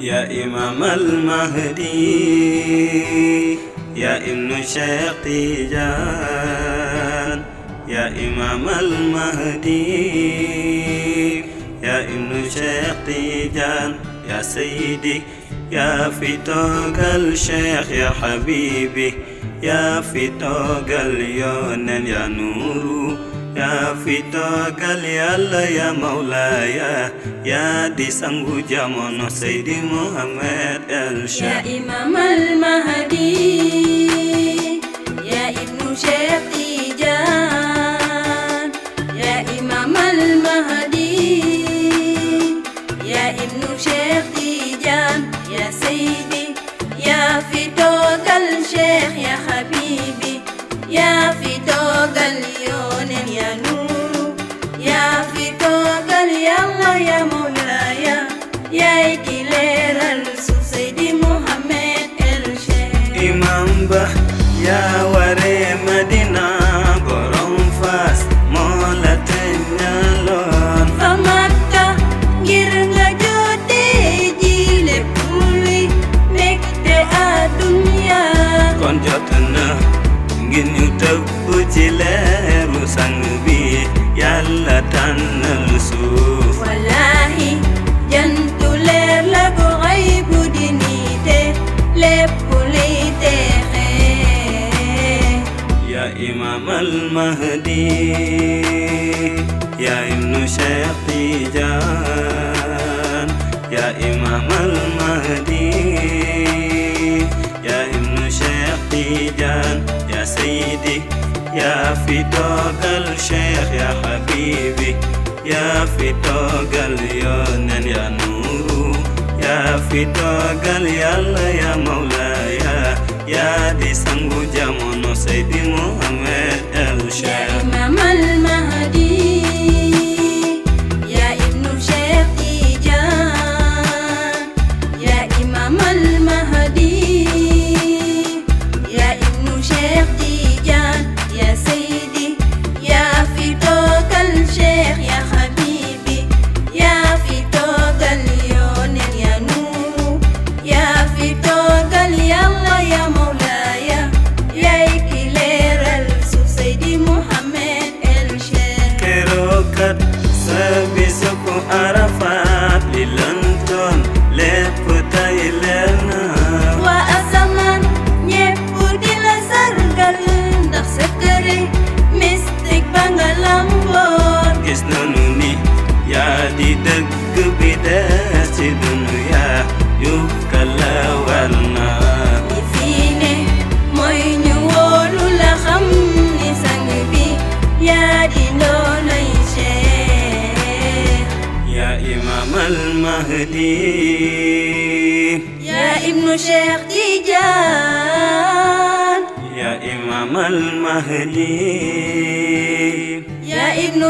يا إمام المهدي يا ابن شيخ تيجان يا إمام المهدي يا ابن شيخ تيجان يا سيدي يا في توق الشيخ يا حبيبي يا في توق اليونان يا نور yaa fi toogal yàlla ya mawlaaya yaa di sangu jamono Seydi Muhammad El Cheikh yaa imam al mahdi yaa ibnu Cheikh Tijaan yaa imam al mahdi yaa ibnu Cheikh Tijaan yaa Seydi yaa fi toogal Cheikh yaa habibi yaa fi toogal عيون يا نور يا فكوك يلا يا مولايا يا إكلير السيدي محمد الشيخ إمام به يا وري مدينة برون فاس مولتين يالون فمكة جرنا جودي جيل بولي نكتة الدنيا كون جاتنا ngeen ñu tëbb ci leen tànn suuf wallaahi jant leer la bu xëy bu di niite lépp luy teexee ya imaam al mahdi ya ibnu Cheikh Tidiane ya imaam al mahdi ya ibnu Cheikh Tidiane ya sayyidi yaa fi toogal Cheikh yaa Habibi yaa fi toogal yoonen yaa nuuru yaa fi toogal yàlla yaa mawlaaya yaa di sangu jamono Seydi Muhammad el Cheikh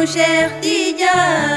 mon cher Didier.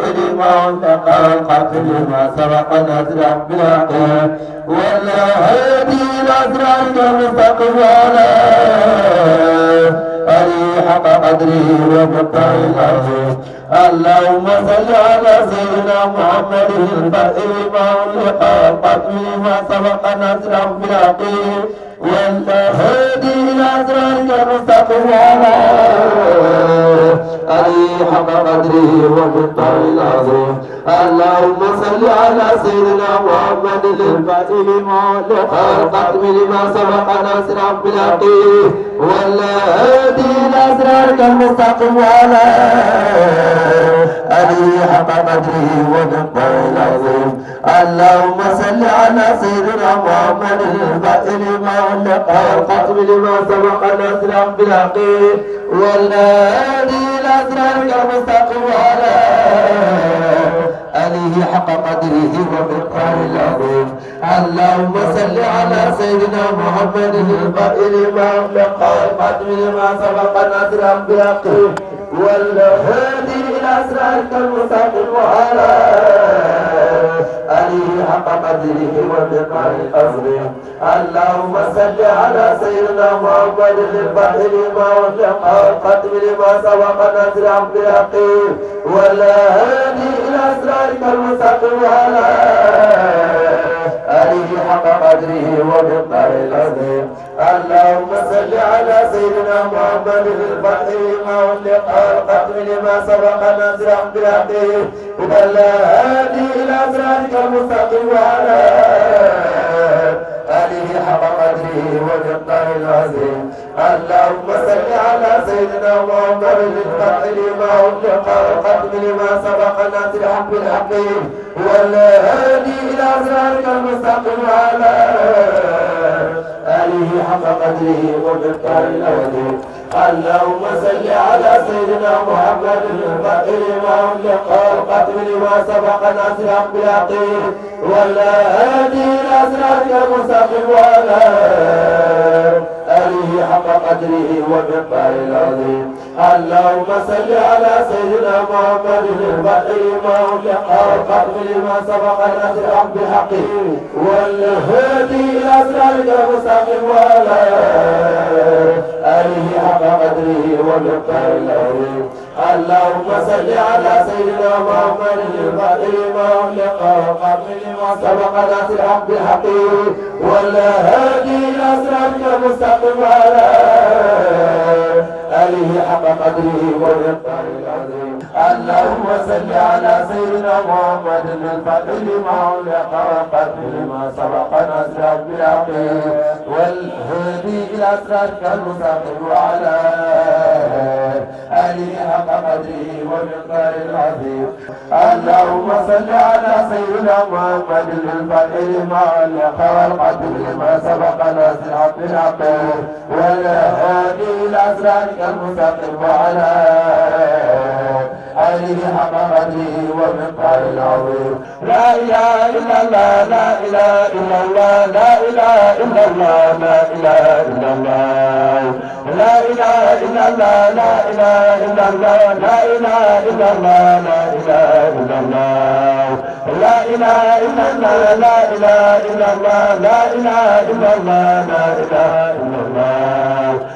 القتل وعتق القتل ما سبق الأزرع بالعقل ولا هادي الأزرع المستقبل علي حق قدره ومقطع العزيز اللهم صل على سيدنا محمد الفاتح لما علق القتل ما سبق نزله بالعقيل والهادي الى اسرارك المستقبل حق قدره وبالطعن العظيم اللهم صل على سيدنا محمد الفاتح لما القدم لما سبق ناصر بالعقيد والهادي الى صراطك المستقيم وعلى علي حق قدره ودقه العظيم اللهم صل على سيدنا محمد الفاتح لما علق القدم لما سبق ناصر بالعقيد والهادي الى صراطك المستقيم وعلى آله حق قدره ومقدار العظيم اللهم صل على سيدنا محمد القائل ما بقى قدم ما سبق نذرا بأقيم والهادي إلى أسرارك المستقيم وعلى عليه حق قدره وبقاع قصره اللهم صل على سيدنا محمد في الفتح لما وشق القتل لما سبق نزل عبد الحقيق ولا هادي الى اسرارك المستقيم على آله حق قدره ومقدار العظيم اللهم صل على سيدنا محمد في الفتح لما أغلق القدر لما سبق نازل بلاده إذا لا هادي إلى صراطك المستقيم وعلى آله حق قدره ومقدار العظيم اللهم صل على سيدنا محمد للفتح لما أطلق والقدم لما سبق ناصر الحق بالحق والهادي إلى صراطك المستقيم وعلى آله حق قدره ومقداره العظيم اللهم صل على سيدنا محمد الفقير لما أطلق والقدم لما سبق ناصر الحق بالحق والهادي إلى صراطك المستقيم وعلى آله حق قدره ومقدار العظيم اللهم صل على سيدنا محمد البدر ما أطلق والقلب لما سبق الأجر بحقه والهادي إلى أسرارك المستقيم وعلى آله حق قدره ومقدار العظيم اللهم صل على سيدنا محمد الفاتح مغلق وقبل لما سبق ذات الحق الحقيقي ولا هادي الى صراطك المستقيم على اله حق قدره ومقداره العظيم اللهم صل على سيدنا محمد الفاتح لما علق وقد لما سبق نسرك بالعقيد والهدي الى اسرارك المستقيم وعلى اله حق قدره ومقدار العظيم اللهم صل على سيدنا محمد الفاتح لما علق والقد لما سبق نسرك بالعقيد والهدي الى اسرارك المستقيم وعلى عليه حمامته ومنبر العظيم لا اله الا الله لا اله الا الله لا اله الا الله لا اله الا الله لا اله الا الله لا اله الا الله لا اله الا الله لا اله الا الله لا اله الا الله لا اله الا الله لا اله الا الله لا اله الا الله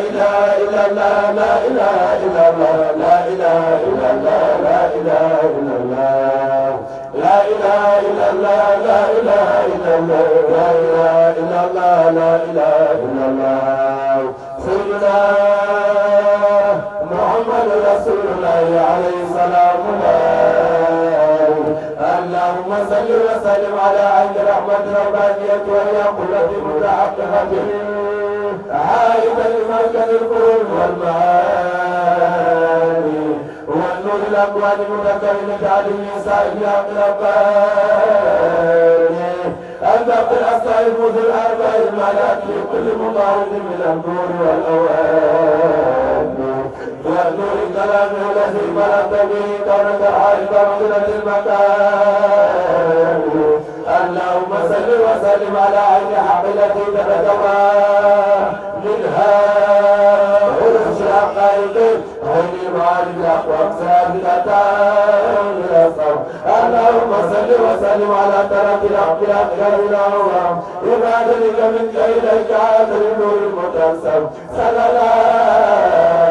إله إلا الله لا إله إلا الله لا إله إلا الله لا إله إلا الله لا إله إلا الله لا إله إلا الله لا إله إلا الله لا إله إلا الله سيدنا محمد رسول الله عليه السلام اللهم صل وسلم على عين رحمة ربانية وهي قلة متعلقة عائد لمركز القرون والمعاني والنور الأكوان متكونة عن النساء في أقرباني أنت في الأسائل منذ الأربع المعلات لكل مطارد من النور والأوان نور الكلام الذي بلغت به كونك عارف مقصد المكان اللهم صل وسلم على عين حق التي تتجمع منها ورش حقائق غير معالج اقوام ثابته اللهم صل وسلم على ترك الاقيام غير الاوام بما ذلك منك اليك عاد النور المتنسب صلى الله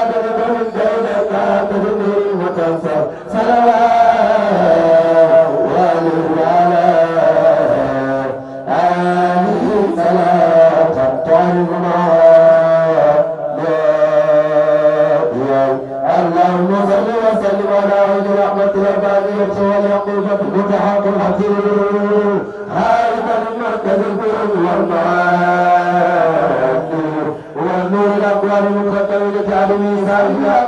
صلاة به وتنصر صلوات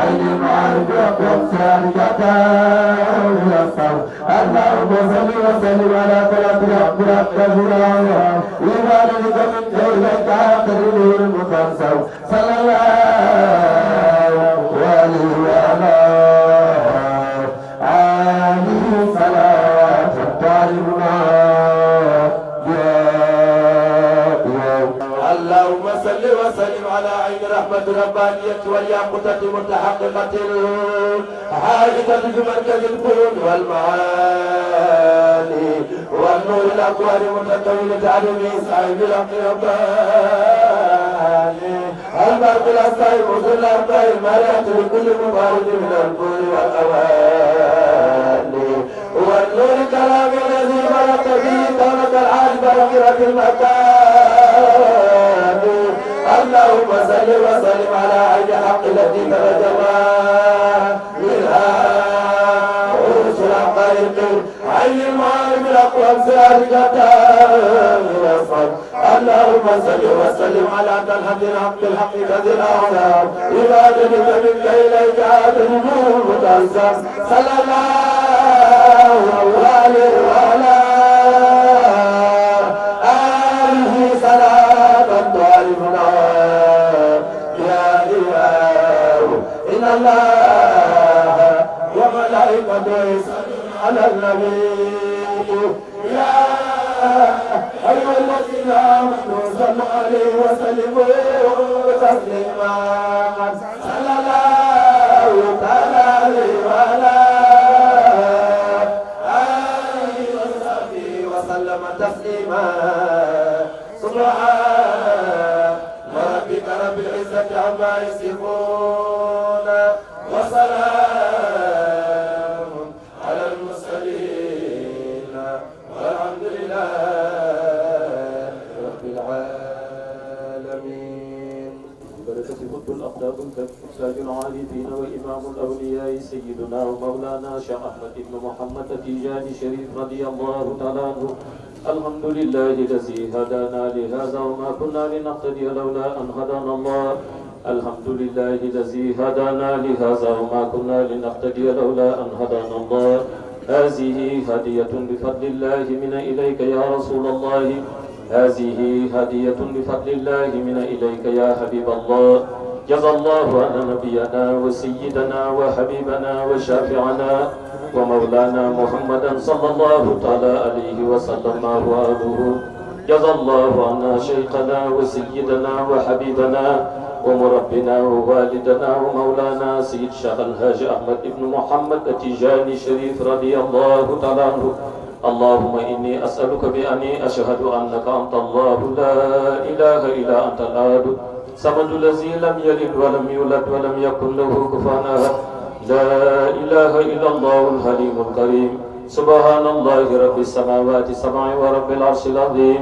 اللهم صل وسلم على قلبك ربنا كبرا وما لك من جيلك تدري المخلص صلى الله بالربانية والياقوتة متحققة حائطة بمركز القيود والمعاني والنور الأكوان متكونة عن صاحب الأقرباني البرق الأصائب وصل الأربع المرأة لكل مبارد من القول والأواني والنور كلام الذي مرت به كونك العاجب في المكان اللهم صل وسلم على عين حق التي ترجما منها رسل خلق عين المعلم الاقوام سارقة الاصحاب اللهم صل وسلم على الحمد الحق الحق ذي الاعلام الى جنبك اليك عاد النور متعزم صلى الله الخليل يا أيها الذين آمنوا صلوا عليه وسلموا تسليما المهذب أساج العارفين وإمام الأولياء سيدنا ومولانا شيخ أحمد بن محمد تيجاني شريف رضي الله تعالى عنه الحمد لله الذي هدانا لهذا وما كنا لنهتدي لولا أن هدانا الله الحمد لله الذي هدانا لهذا وما كنا لنهتدي لولا أن هدانا الله هذه هدية بفضل الله من إليك يا رسول الله هذه هدية بفضل الله من إليك يا حبيب الله جزى الله عن نبينا وسيدنا وحبيبنا وشافعنا ومولانا محمدا صلى الله تعالى عليه وسلم وآله جزى الله عنا شيخنا وسيدنا وحبيبنا ومربنا ووالدنا ومولانا سيد شيخ الهاج أحمد بن محمد التجاني شريف رضي الله تعالى عنه اللهم إني أسألك بأني أشهد أنك أنت الله لا إله إلا أنت الأحد الصمد الذي لم يلد ولم يولد ولم يكن له كفوا أحد لا إله إلا الله الحليم الكريم سبحان الله رب السماوات السبع ورب العرش العظيم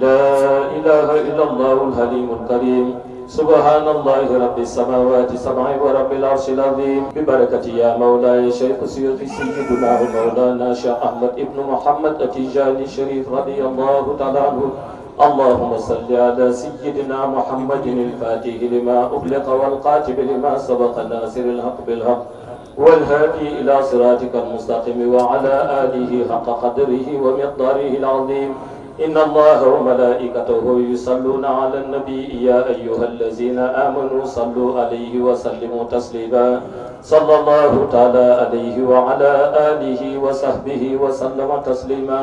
لا إله إلا الله الحليم الكريم سبحان الله رب السماوات السبع ورب العرش العظيم ببركة يا مولاي شيخ سيدي سيدنا مولانا شيخ أحمد ابن محمد التجاني الشريف رضي الله تعالى عنه اللهم صل على سيدنا محمد الفاتح لما أغلق والقاتب لما سبق ناصر الحق بالحق والهادي إلى صراطك المستقيم وعلى آله حق قدره ومقداره العظيم إن الله وملائكته يصلون على النبي يا أيها الذين آمنوا صلوا عليه وسلموا تسليما صلى الله تعالى عليه وعلى آله وصحبه وسلم تسليما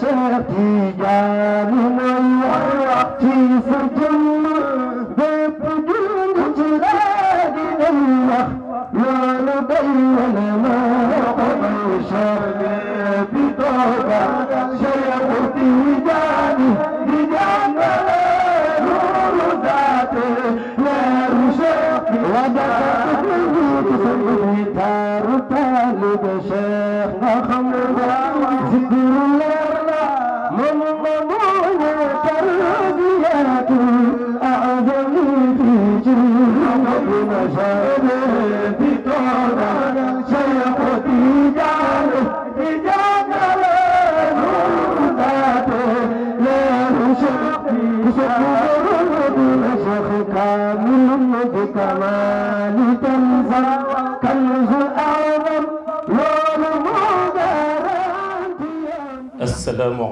sëti ja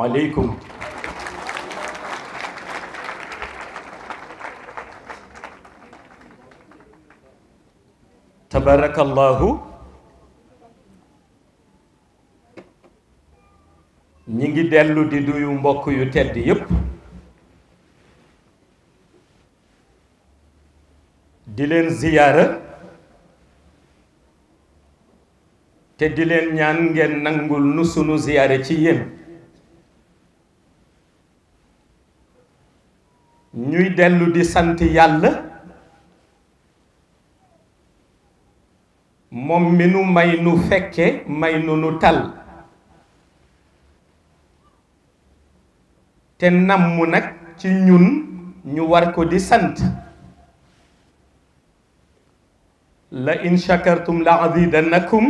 aleykum tabarakallahu ñi ngi dellu di duyu mbokk yu tedd yépp di leen ziyaara te di leen ñaan ngeen nangul nu sunu ziyaare ci yéen dellu di sant yàlla moom mi nu may nu fekke may nu nu tal te namm nag ci ñun ñu war ko di sant la in shakartum la azidannakum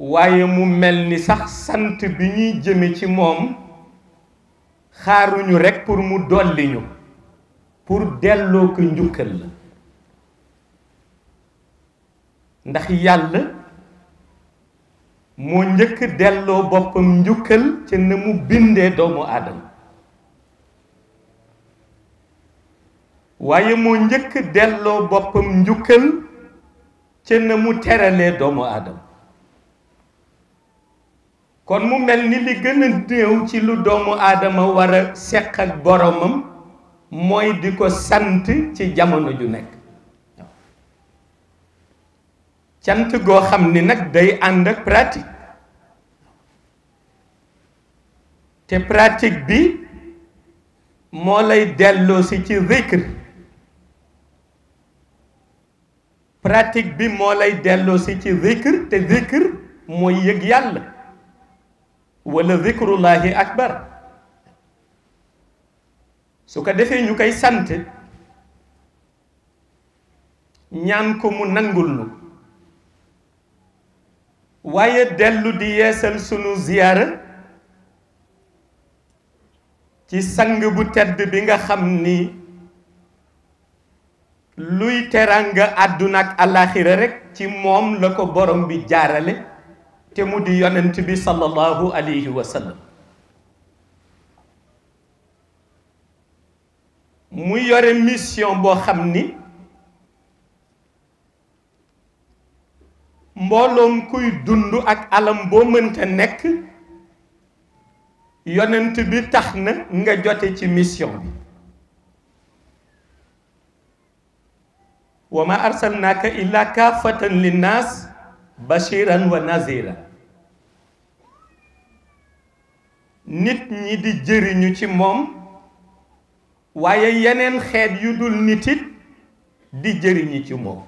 waaye mu mel ni sax sant bi ñuy jëme ci moom xaaruñu rekk pour mu dolliñu pour delloo ko njukkal la ndax yàlla moo njëkk delloo boppam njukkal ca na mu bindee doomu aadama waaye moo njëkk delloo boppam njukkal ca na mu teralee doomu aadama kon mu mel ni li gën a néew ci lu doomu aadama wara a seq ak boromam mooy di ko sant ci jamono ju nekk cant goo xam ni nag day ànd ak pratique te pratique bi moo lay delloo si ci zikr pratique bi moo lay delloo ci zikr te zikr mooy yëg yàlla wala zikrullahi akbar su ko defee ñu koy sant ñaan ko mu nangul nu waaye dellu di yeesal sunu ziyaara ci sang bu tedd bi nga xam ni luy teranga àdduna ak àllaaxira rekk ci moom la ko borom bi jaarale te mu di yonent bi sallallahu alayhi wa mu yore mission boo xam ni mbooloom kuy dund ak alam boo mënta nekk yonent bi tax na nga jote ci mission bi wa ma arsalnaaka illa kaafatan linnaas bashiran wa naziran nit ñi di jëriñu ci moom waaye yeneen xeet yu dul nit it di jëriñu ci moom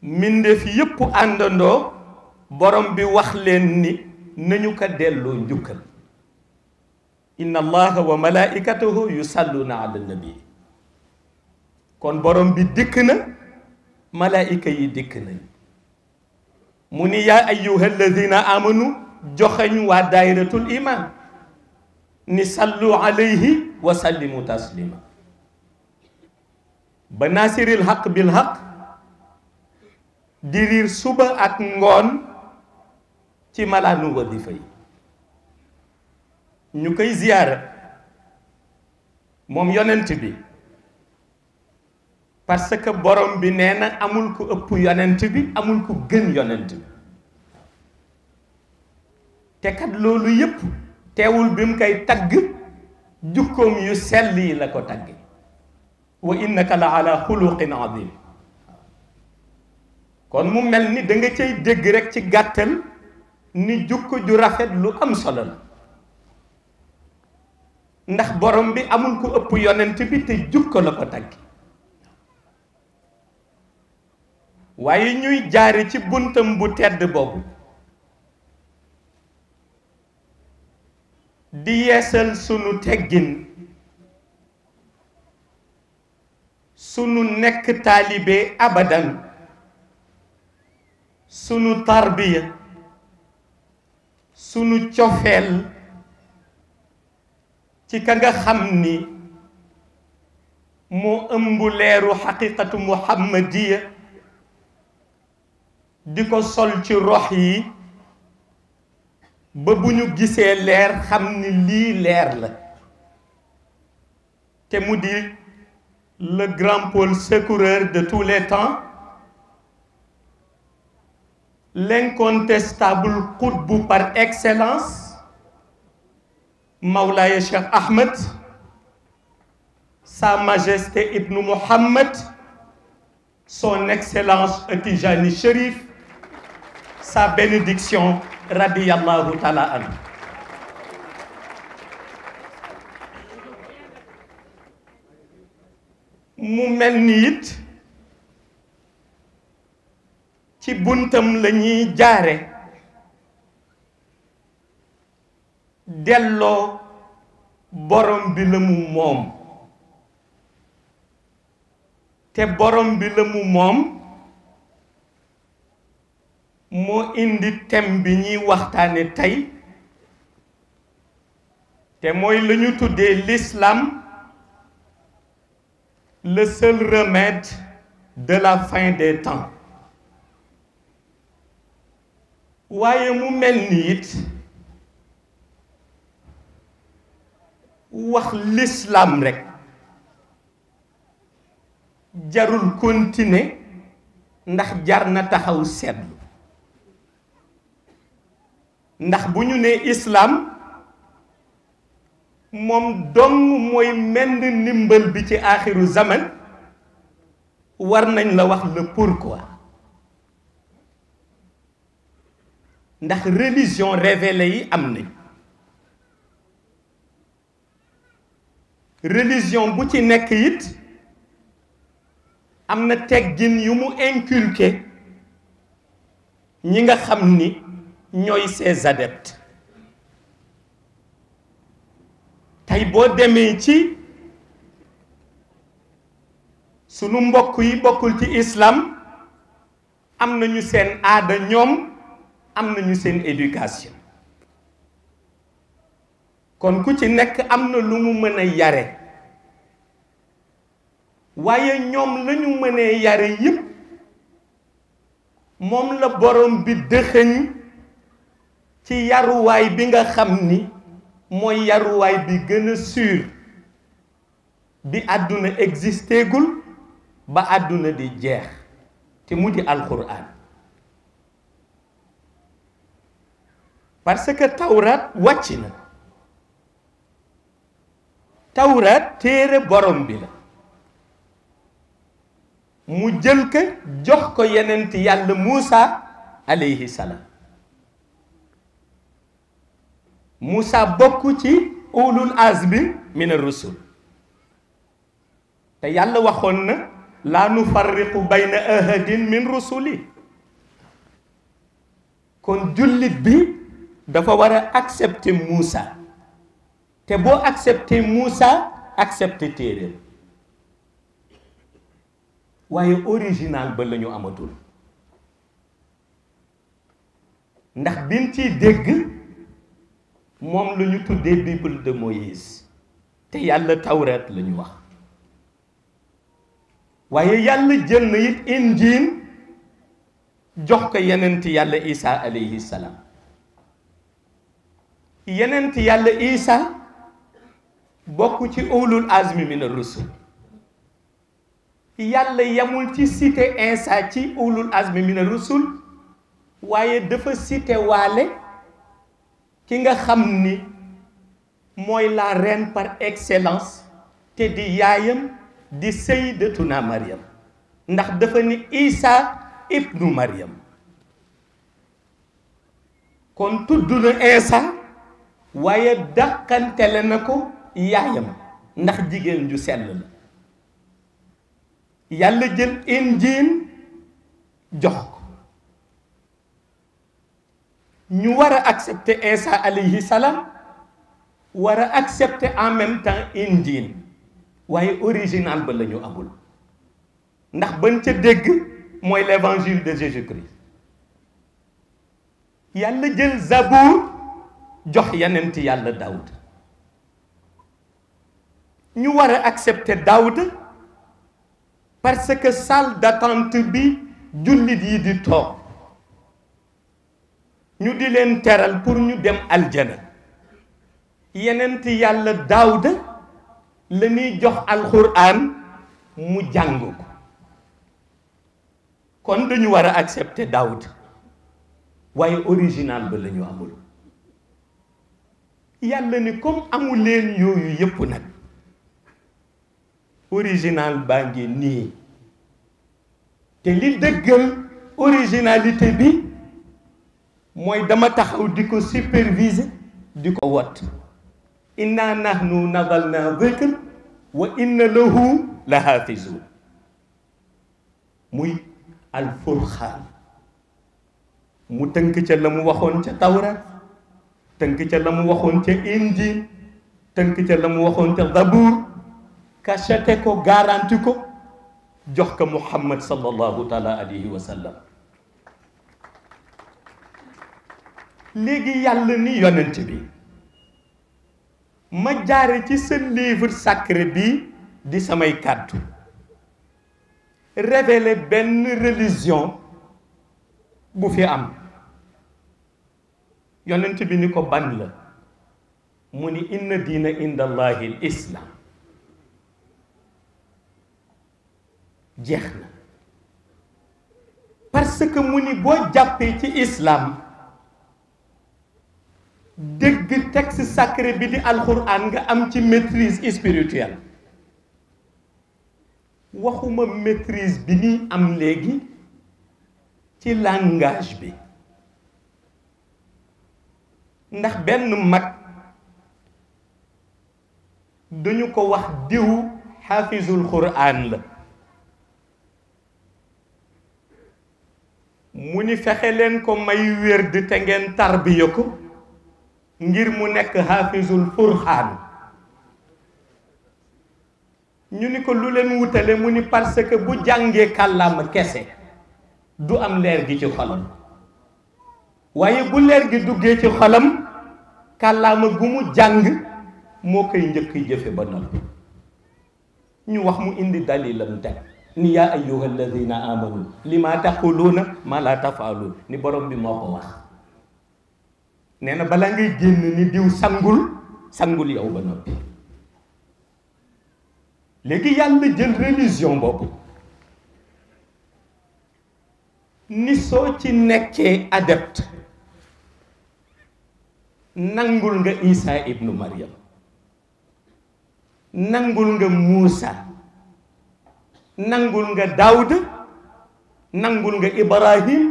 mbindeef yépp àndandoo borom bi wax leen ni nañu ko delloo njukkal inna allaha wa malaikatahu na ala nabi kon borom bi dikk na malaayika yi dikk nañ mu ni yaa ayyuha alladina amanu joxeñ waa daayiratul iman ni sallu alayhi wa sallimu taslima ba naasiril xaq bil xaq di riir suba ak ngoon ci malaanu wadifa yi ñu koy ziyaara moom yonent bi parce que borom bi nee na amul ku ëpp yonent bi amul ku gën yonent bi te kat loolu yépp teewul bi mu koy tagg jukkoom yu sell yi la ko tagg wa innaka la ala xuluqin azim kon mu mel ni danga nga cay dégg rek ci gàttal ni jukko ju rafet lu am solo ndax borom bi amul ko ëpp yonent bi te jukko la ko tagg waaye ñuy jaari ci buntam bu tedd boobu di yeesal sunu teggin sunu nekk taalibe abadan sunu tarbiya sunu cofeel ci ka nga xam ni moo ëmb leeru xaqiqatu muhammadiya di ko sol ci rox yi ba bu ñu gisee leer xam ni lii leer la te mu di le grand pôle secoureur de tous les temps l'incontestable qutbu par excellence Mawlaaya Cheikh Ahmed Sa Majesté Ibnu Mohammed son excellence Tijani Chérif sa bénédiction radiyallahu taala an mu mel ni it ci buntam la ñuy jaare delloo borom bi la mu moom te borom bi la mu moom moo indi thème bi ñuy waxtaane tey te mooy la ñu tuddee l'islam le seul remède de la fin des temps waaye mu mel ni it wax l'islam rek jarul continuer ndax jar na taxaw seetlu ndax bu ñu nee islaam moom dong mooy menn ndimbal bi ci aaxiru zaman war nañ la wax le pourquoi ndax religion révélée yi am nañ religion bu ci nekk it am na teggin yu mu inculqué ñi nga xam ni ñooy ses adeptes tey boo demee ci sunu mbokk yi bokkul ci islam am nañu seen aada ñoom am nañu seen éducation kon ku ci nekk am na lu mu mën a yare waaye ñoom lañu ñu mënee yare yépp moom la borom bi dëxëñ ci yaruwaay bi nga xam ni mooy yaruwaay bi gëna a bi àdduna existégul ba àdduna di jeex te mu di alxuraan parce que tawraat wàcc na tawraat téere borom bi la mu jël ko jox ko yenent yàlla Muusa aleyhi Moussa bokk ci ulul azmi min ar te yàlla waxoon na laa nufarriqu bayna ahadin min rusuli kon jullit bi dafa war a accepter Moussa te boo accepter Moussa accepter téeréem waaye original ba lañu amatul ndax biñ ciy dégg moom la ñu tuddee bible de Moïse te yàlla tawreet la ñu wax waaye yàlla jël na it injiil jox ko yenenti yàlla isa alayhi salaam yenenti yàlla isa bokk ci ulul azmi min ar-rusul yàlla yamul ci cité insa ci ulul azmi min ar-rusul waaye dafa cité waale ki nga xam ni mooy la reine par excellence te di yaayam di sayyidatuna Maryam ndax dafa ni Isa ibnu Maryam kon tudd na Isa waaye dàqantele na ko yaayam ndax jigéen ju sell la yàlla jël injiil jox ko ñu war a accepter Isa alayhi salaam war a accepter en même temps Injiil waaye original ba lañu ñu amul ndax bañ ca dégg mooy l'évangile de Jésus-Christ yàlla jël Zabour jox yeneen yenenti yàlla dawut ñu war a accepter Daoud parce que salle d'attente bi jullit yi di toog ñu di leen teral pour ñu dem aljana yenent yàlla daawda la ñuy jox alxuraan mu jàng ko kon dañu war a accepter daawda waaye original ba la ñu amul yàlla ni comme amu leen yooyu yëpp nag original baa ngi nii te li dëggal originalité bi mooy dama taxaw di ko superviser di ko wat inna nahnu nazalna dhikr wa inna lahu la hafizun muy alfurxaan mu tënk ca la mu waxoon ca tawrat tënk ca la mu waxoon ca injil tënk ca la mu waxoon ca zabuur kachate ko garanti ko jox ko muhammad sallallahu taala alayhi wa sallam léegi yàlla ni yonent bi ma jaare ci sa livre sacré bi di samay kàddu révéler benn religion bu fi am yonent bi ni ko ban la mu ni inna diina inda islam jeex na parce que mu ni boo jàppee ci islam dégg texte sacre bi di alxuraan nga am ci maîtrise spirituelle waxuma maîtrise bi ñuy am léegi ci langage bi ndax benn mag dañu ko wax diw xaafizul xuraan la mu ni fexe leen ko may wér di te ngeen tarbiya ko ngir mu nekk xaafisul furxaan ñu ni ko lu leen wutale mu ni parce que bu jàngee kàllaama kese du am leer gi ci xolam waaye bu leer gi duggee ci xolam kàllaama gu mu jàng moo koy njëkk jëfe ba noppi ñu wax mu indi dalilam teg ni yaa ayyuha alladina amanu li ma taquluuna ma la tafaaluun ni borom bi moo ko wax nee na balaa ngay génn ni diw sangul sangul yow ba noppi léegi yàlla jël religion boobu ni soo ci nekkee adepte nangul nga Isa ibnu Maryam nangul nga Muusa nangul nga Daawud nangul nga Ibrahim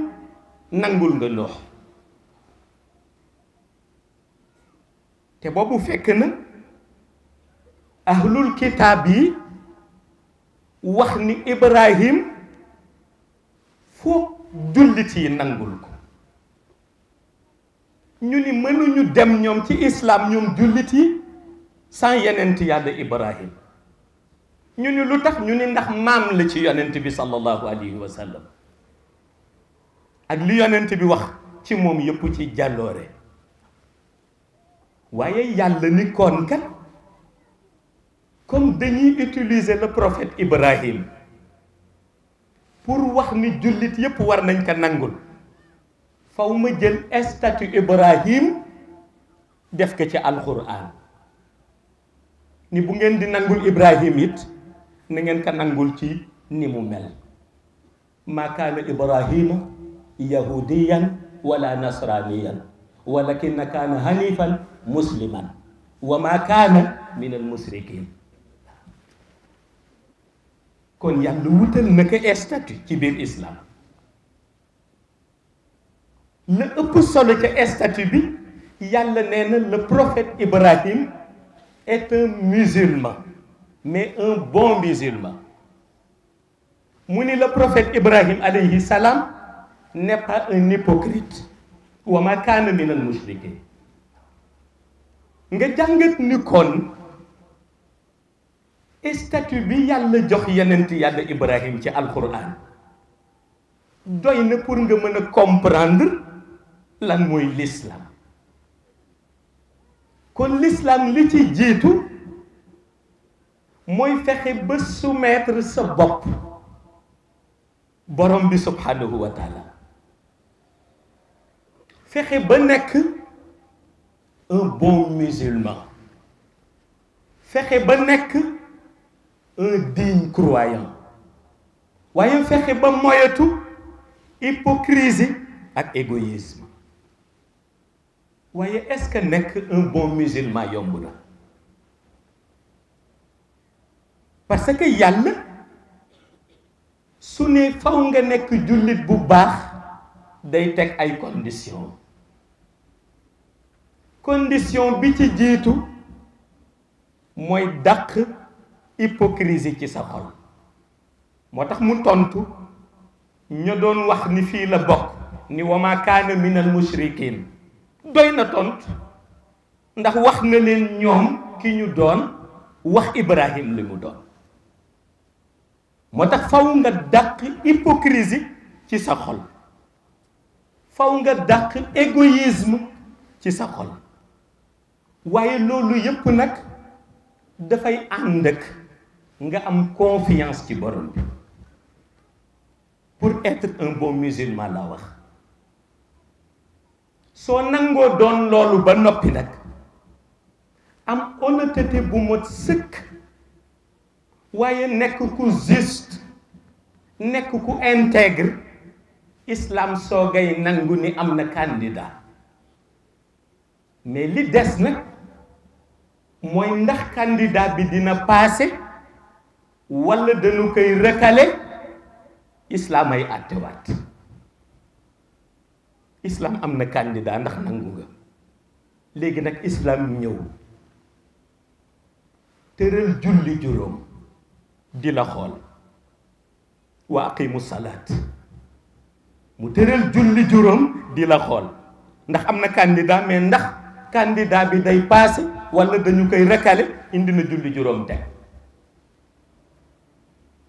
nangul nga Nuux te boobu fekk na ahlul kitaab yi wax ni ibrahim foog jullit yi nangul ko ñu ni mënuñu dem ñoom ci islaam ñoom jullit yi sans yenent yàlla ibrahim ñu ni lu tax ñu ni ndax maam la ci yonent bi sallallahu alayhi wa ak li yonent bi wax ci moom yëpp ci jàlloore waaye yàlla ni koon kat comme dañuy utiliser le prophète Ibrahim pour wax ni jullit yépp war nañ ko nangul faw ma jël statut Ibrahim def ko ci alquran ni bu ngeen di nangul Ibrahim it na ngeen ko nangul ci ni mu mel maa kaana Ibrahima yahudiyan wala nasraniyan walakina kaana hanifan musliman wa ma kaana min al musrikin kon yàlla wutal na ko statut ci biir islam la ëpp solo ca statut bi yàlla nee na le Ibrahim est un musulman mais un bon musulman mu ni le prophète Ibrahim alayhi salam n'est pas un hypocrite wa ma kaana min al mushrikin nga jàngat ni kon statut bi yàlla jox yenent yàlla ibrahim ci alquran doy na pour nga mën a comprendre lan mooy l'islam kon l'islam li ci jiitu mooy fexe ba soumettre sa bopp borom bi subhanahu wa taala fexe ba nekk un bon musulman fexe ba nekk un digne croyant waaye fexe ba moyatu hypocrisie ak égoïsme waaye est nekk un bon musulman yomb la parce que yàlla su ne faw nga nekk jullit bu baax day teg ay conditions condition bi ci jiitu mooy dàq hypocrisie ci sa xol moo tax mu tontu ñu doon wax ni fii la bokk ni wa ma kaana min al doy na tontu ndax wax na leen ñoom ki ñu doon wax Ibrahim li mu doon moo tax faw nga dàq hypocrisie ci sa xol faw nga dàq égoïsme ci sa xol waaye loolu yëpp nag dafay ànd ak nga am confiance ci borom bi pour être un bon musulman laa wax soo nangoo doon loolu ba noppi nag am honnêteté bu mot sëkk waaye nekk ku juste nekk ku intègre islaam soogay nangu ni am na candidat mais li des nag mooy ndax candidat bi dina passé wala dañu koy recalé islam ay àttewaat islam am na candidat ndax nangu nga léegi nag islam ñëw tëral julli juróom di la xool wa aqimu salaat mu tëral julli juróom di la xool ndax am na candidat mais ndax kàndidaa bi day passé wala dañu koy recalé indi na julli juróom teg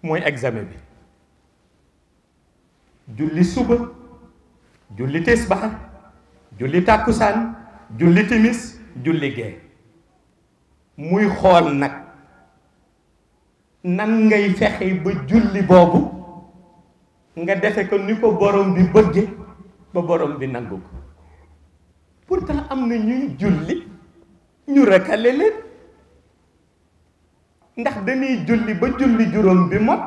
mooy examen bi julli suba julli tisbaar julli tàkkusaan julli timis julli gee muy xool nag nan ngay fexe ba julli boobu nga defe ko ni ko borom bi bëgge ba borom bi nangu ko pourtant am na ñuy julli ñu rakale leen ndax dañuy julli ba julli juróom bi mot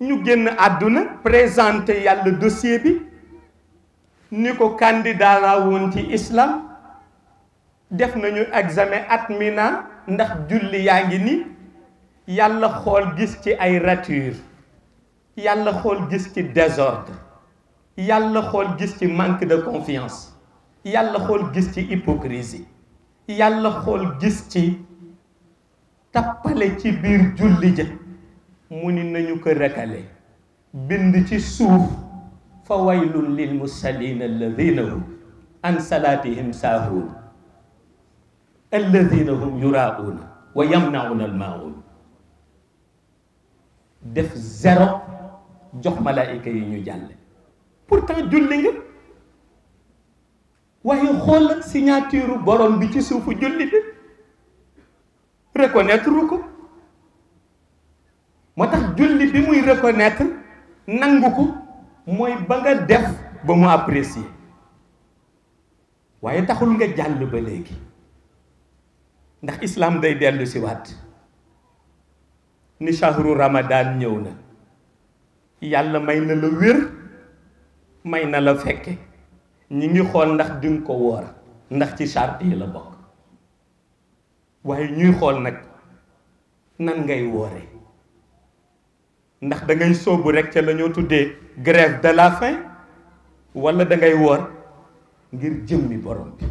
ñu génn àdduna présenté yàlla dossier bi ni ko candidat laa woon ci islam def nañu examen atmina ndax julli yaa ngi nii yàlla xool gis ci ay rature yàlla xool gis ci désordre yàlla xool gis ci manque de confiance yàlla xool gis ci hypocrisie yàlla xool gis ci tappale ci biir julli ja mu ni nañu ko rakale bind ci suuf fa waylun lil musallin alladina hum an salaatihim saahuun alladina hum yuraauuna wa yamnauna almaun def zéro jox malaayika yi ñu jàlle pourtant julli nga waaye xoolal signature borom bi ci suufu julli bi reconnaître ko moo tax julli bi muy reconnaître nangu ko mooy ba nga def ba mu apprécier waaye taxul nga jàll ba léegi ndax islaam day dellu si waat ni shahru ramadan ñëw na yàlla may na la wér may na la fekke ñi ngi xool ndax dinga ko woor ndax ci charte yi la bokk waaye ñuy xool nag nan ngay woore ndax da ngay sóobu rek ca la tuddee grève de la faim wala dangay ngay woor ngir jëmmi borom bi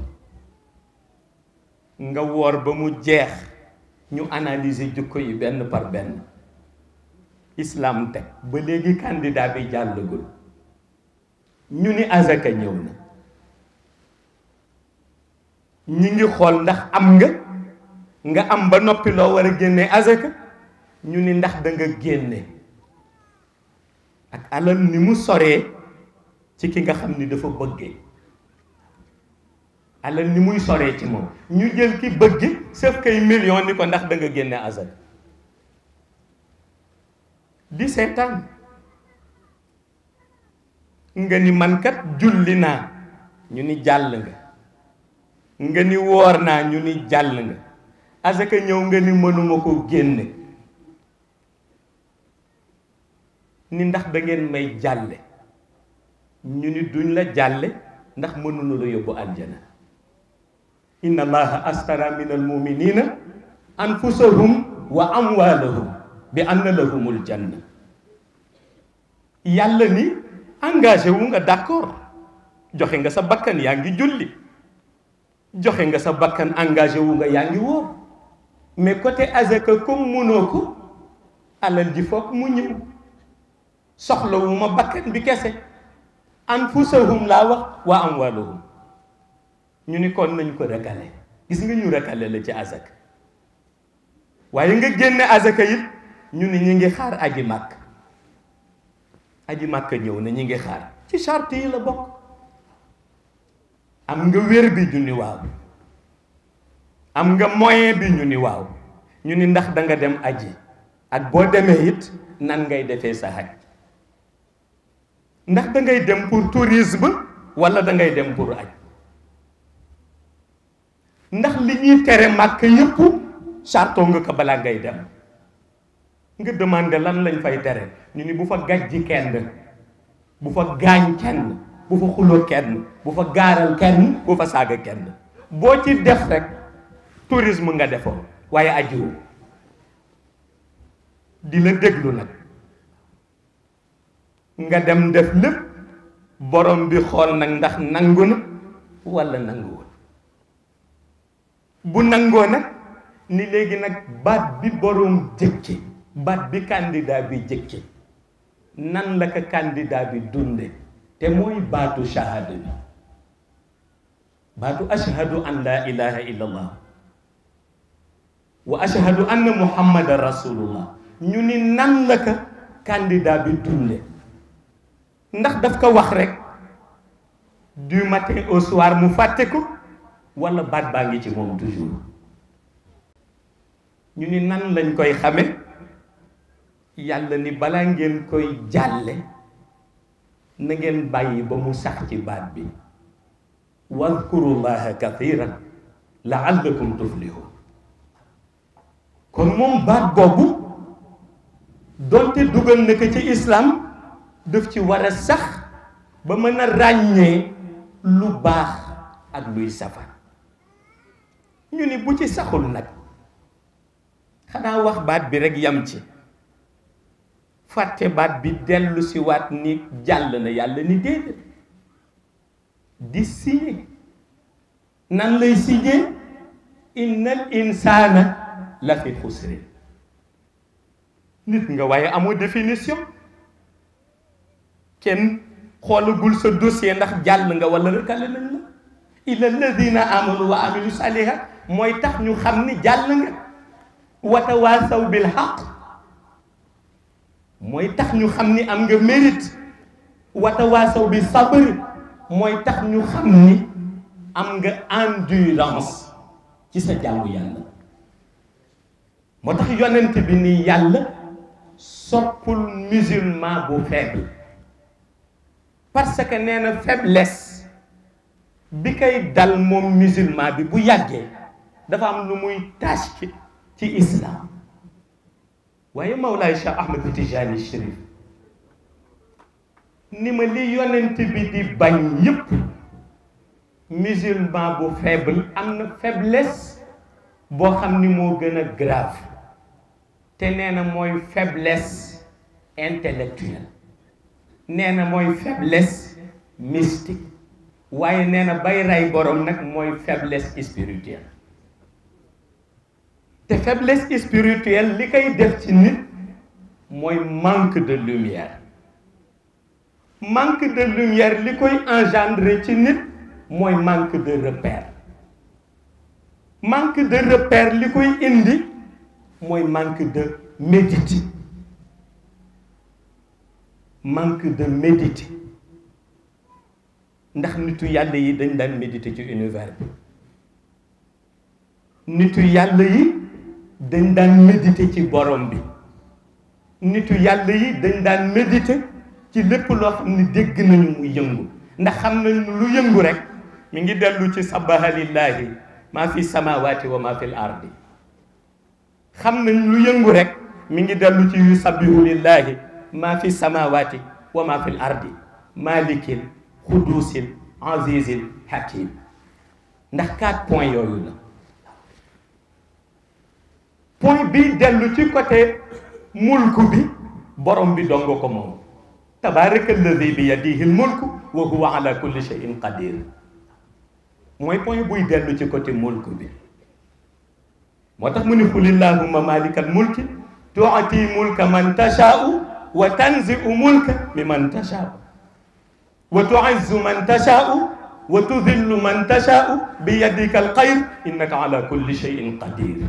nga woor ba mu jeex ñu analyser jukko yi benn par benn islam teg ba léegi candidat bi jàllagul ñu ni azaka ñëw na ñi ngi xool ndax am nga nga am ba noppi loo war a génne azaka ñu ni ndax da génne ak alal ni mu soree ci ki nga xam ni dafa bëggee alal ni muy soree ci moom ñu jël ki bëgg sëf kay million ni ko ndax da génne azaka di seetaan nga ni man kat julli naa ñu ni jàll nga nga ni woor naa ñu ni jàll nga asaka ñëw nga ni mënuma ko génne ni ndax dangeen may jàlle ñu ni duñ la jàlle ndax mënunu la yóbbu aljana inna allaha astara min almuminina anfusahum wa amwalahum bi am anna lahumul janna yàlla ni engagé wu nga d'accord joxe nga sa bakkan yaa ngi julli joxe nga sa bakkan engagé wu nga yaa ngi wóor mais côté azaka comme mënoo ko alal ji foog mu ñëw soxlawu bakkan bi kese anfusahum laa wax waa am amwaluhum ñu ni kon nañ ko recalé gis nga ñu recalé la ci azaka waaye nga génne azaka yi ñu ni ñu ngi xaar aji màkk aji màkk ñëw na ñu ngi xaar ci charte yi la bokk am nga wér bi ñu ni waaw am nga moyen bi ñu ni waaw ñu ni ndax danga nga dem aji ak boo demee it nan ngay defee sa haj ndax dangay dem pour tourisme wala dangay dem pour aj ndax li ñuy tere màkk yëpp sartoo nga ko balaa ngay dem nga demandé lan lañ fay tere ñu ni bu fa gàjji kenn bu fa gaañ kenn bu fa xuloo kenn bu fa gaaral kenn bu fa saaga kenn boo ci def rek tourisme nga defoon waaye ajiwu di la déglu nag nga dem def lépp borom bi xool nag ndax nangu na walla nanguwul bu nangoo nag ni léegi nag baat bi borom jëkke baat bi candidat bi jëkke nan la ko candidat bi dunde te mooy baatu shahada bi baatu ashhadu an laa ilaha illallah wa ashhadu anna muhammadan rasulullah ñu ni nan la ka candidat bi dulle ndax daf ko wax rek du matin au mu fàtte ko wala baat baa ngi ci moom toujours ñu ni nan lañ koy xame yàlla ni balaa ngeen koy jàlle na ngeen bàyyi ba mu sax ci baat bi wadkurullaha kathiran laallakum tuflihun kon moom baat boobu donte dugal na ko ci islam daf ci war a sax ba mën a ràññee lu baax ak luy safar ñu ni bu ci saxul nag xanaa wax baat bi rek yam ci fàtte baat bi dellu si waat ni jàll na yàlla ni déedéet di signé nan lay signé innal insaana la fi xusri nit nga waaye amoo définition kenn xoolagul sa dossier ndax jàll nga wala rëkkale nañ la illa alladina amanu wa amilu saliha mooy tax ñu xam ni jàll nga watawasaw bil xaq mooy tax ñu xam ni am nga mérite watawaasaw bi sabr mooy tax ñu xam ni am nga endurance ci sa jàllu yàlla moo tax yonent bi ni yàlla soppul musulman bu faible parce que nee na faiblesse bi koy dal moom musulman bi bu yàggee dafa am lu muy tâche ci islam waaye Mawlaay Cheikh Ahmed Tijaani Chérif ni ma li yonent bi di bañ yépp musulman bu faible am na faiblesse boo xam ni moo gën a grave te nee na mooy faiblesse intellectuelle nee na mooy faiblesse mystique waaye nee na bay ray borom nag mooy faiblesse spirituelle te faiblesse spirituelle li koy def ci nit mooy manque de lumière manque de lumière li koy engendrer ci nit mooy manque de repère manque de repère li koy indi mooy manque de méditer manque de méditer ndax nitu yàlla yi dañ daan méditer ci univers bi nitu yàlla yi dañ daan méditer ci borom bi nitu yàlla yi dañ daan méditer ci lépp loo xam ne dégg nañu mu yëngu ndax xam na lu yëngu rek mi ngi dellu ci sabaha lillahi maa fi samawati wa maa fi ardi xam nañ lu yëngu rek mi ngi dellu ci yu sabbihu lillahi maa fi samawati wa maa fi ardi malikin xudusin azizin hakim ndax quatre points point bi dellu ci côté mulku bi borom bi dong ko moom tabaraka alladi bi yadihi lmulku wa huwa ala kulli cheyin qadir mooy point buy dellu ci côté mulku bi moo tax mu ni qul illahumma malika almulki tuati mulka man tachaau wa tanziu mulka miman tachaau wa tuizzu man tachaau wa tudillu man tachaau bi yadika alxayr innaka ala kulli cheyin qadir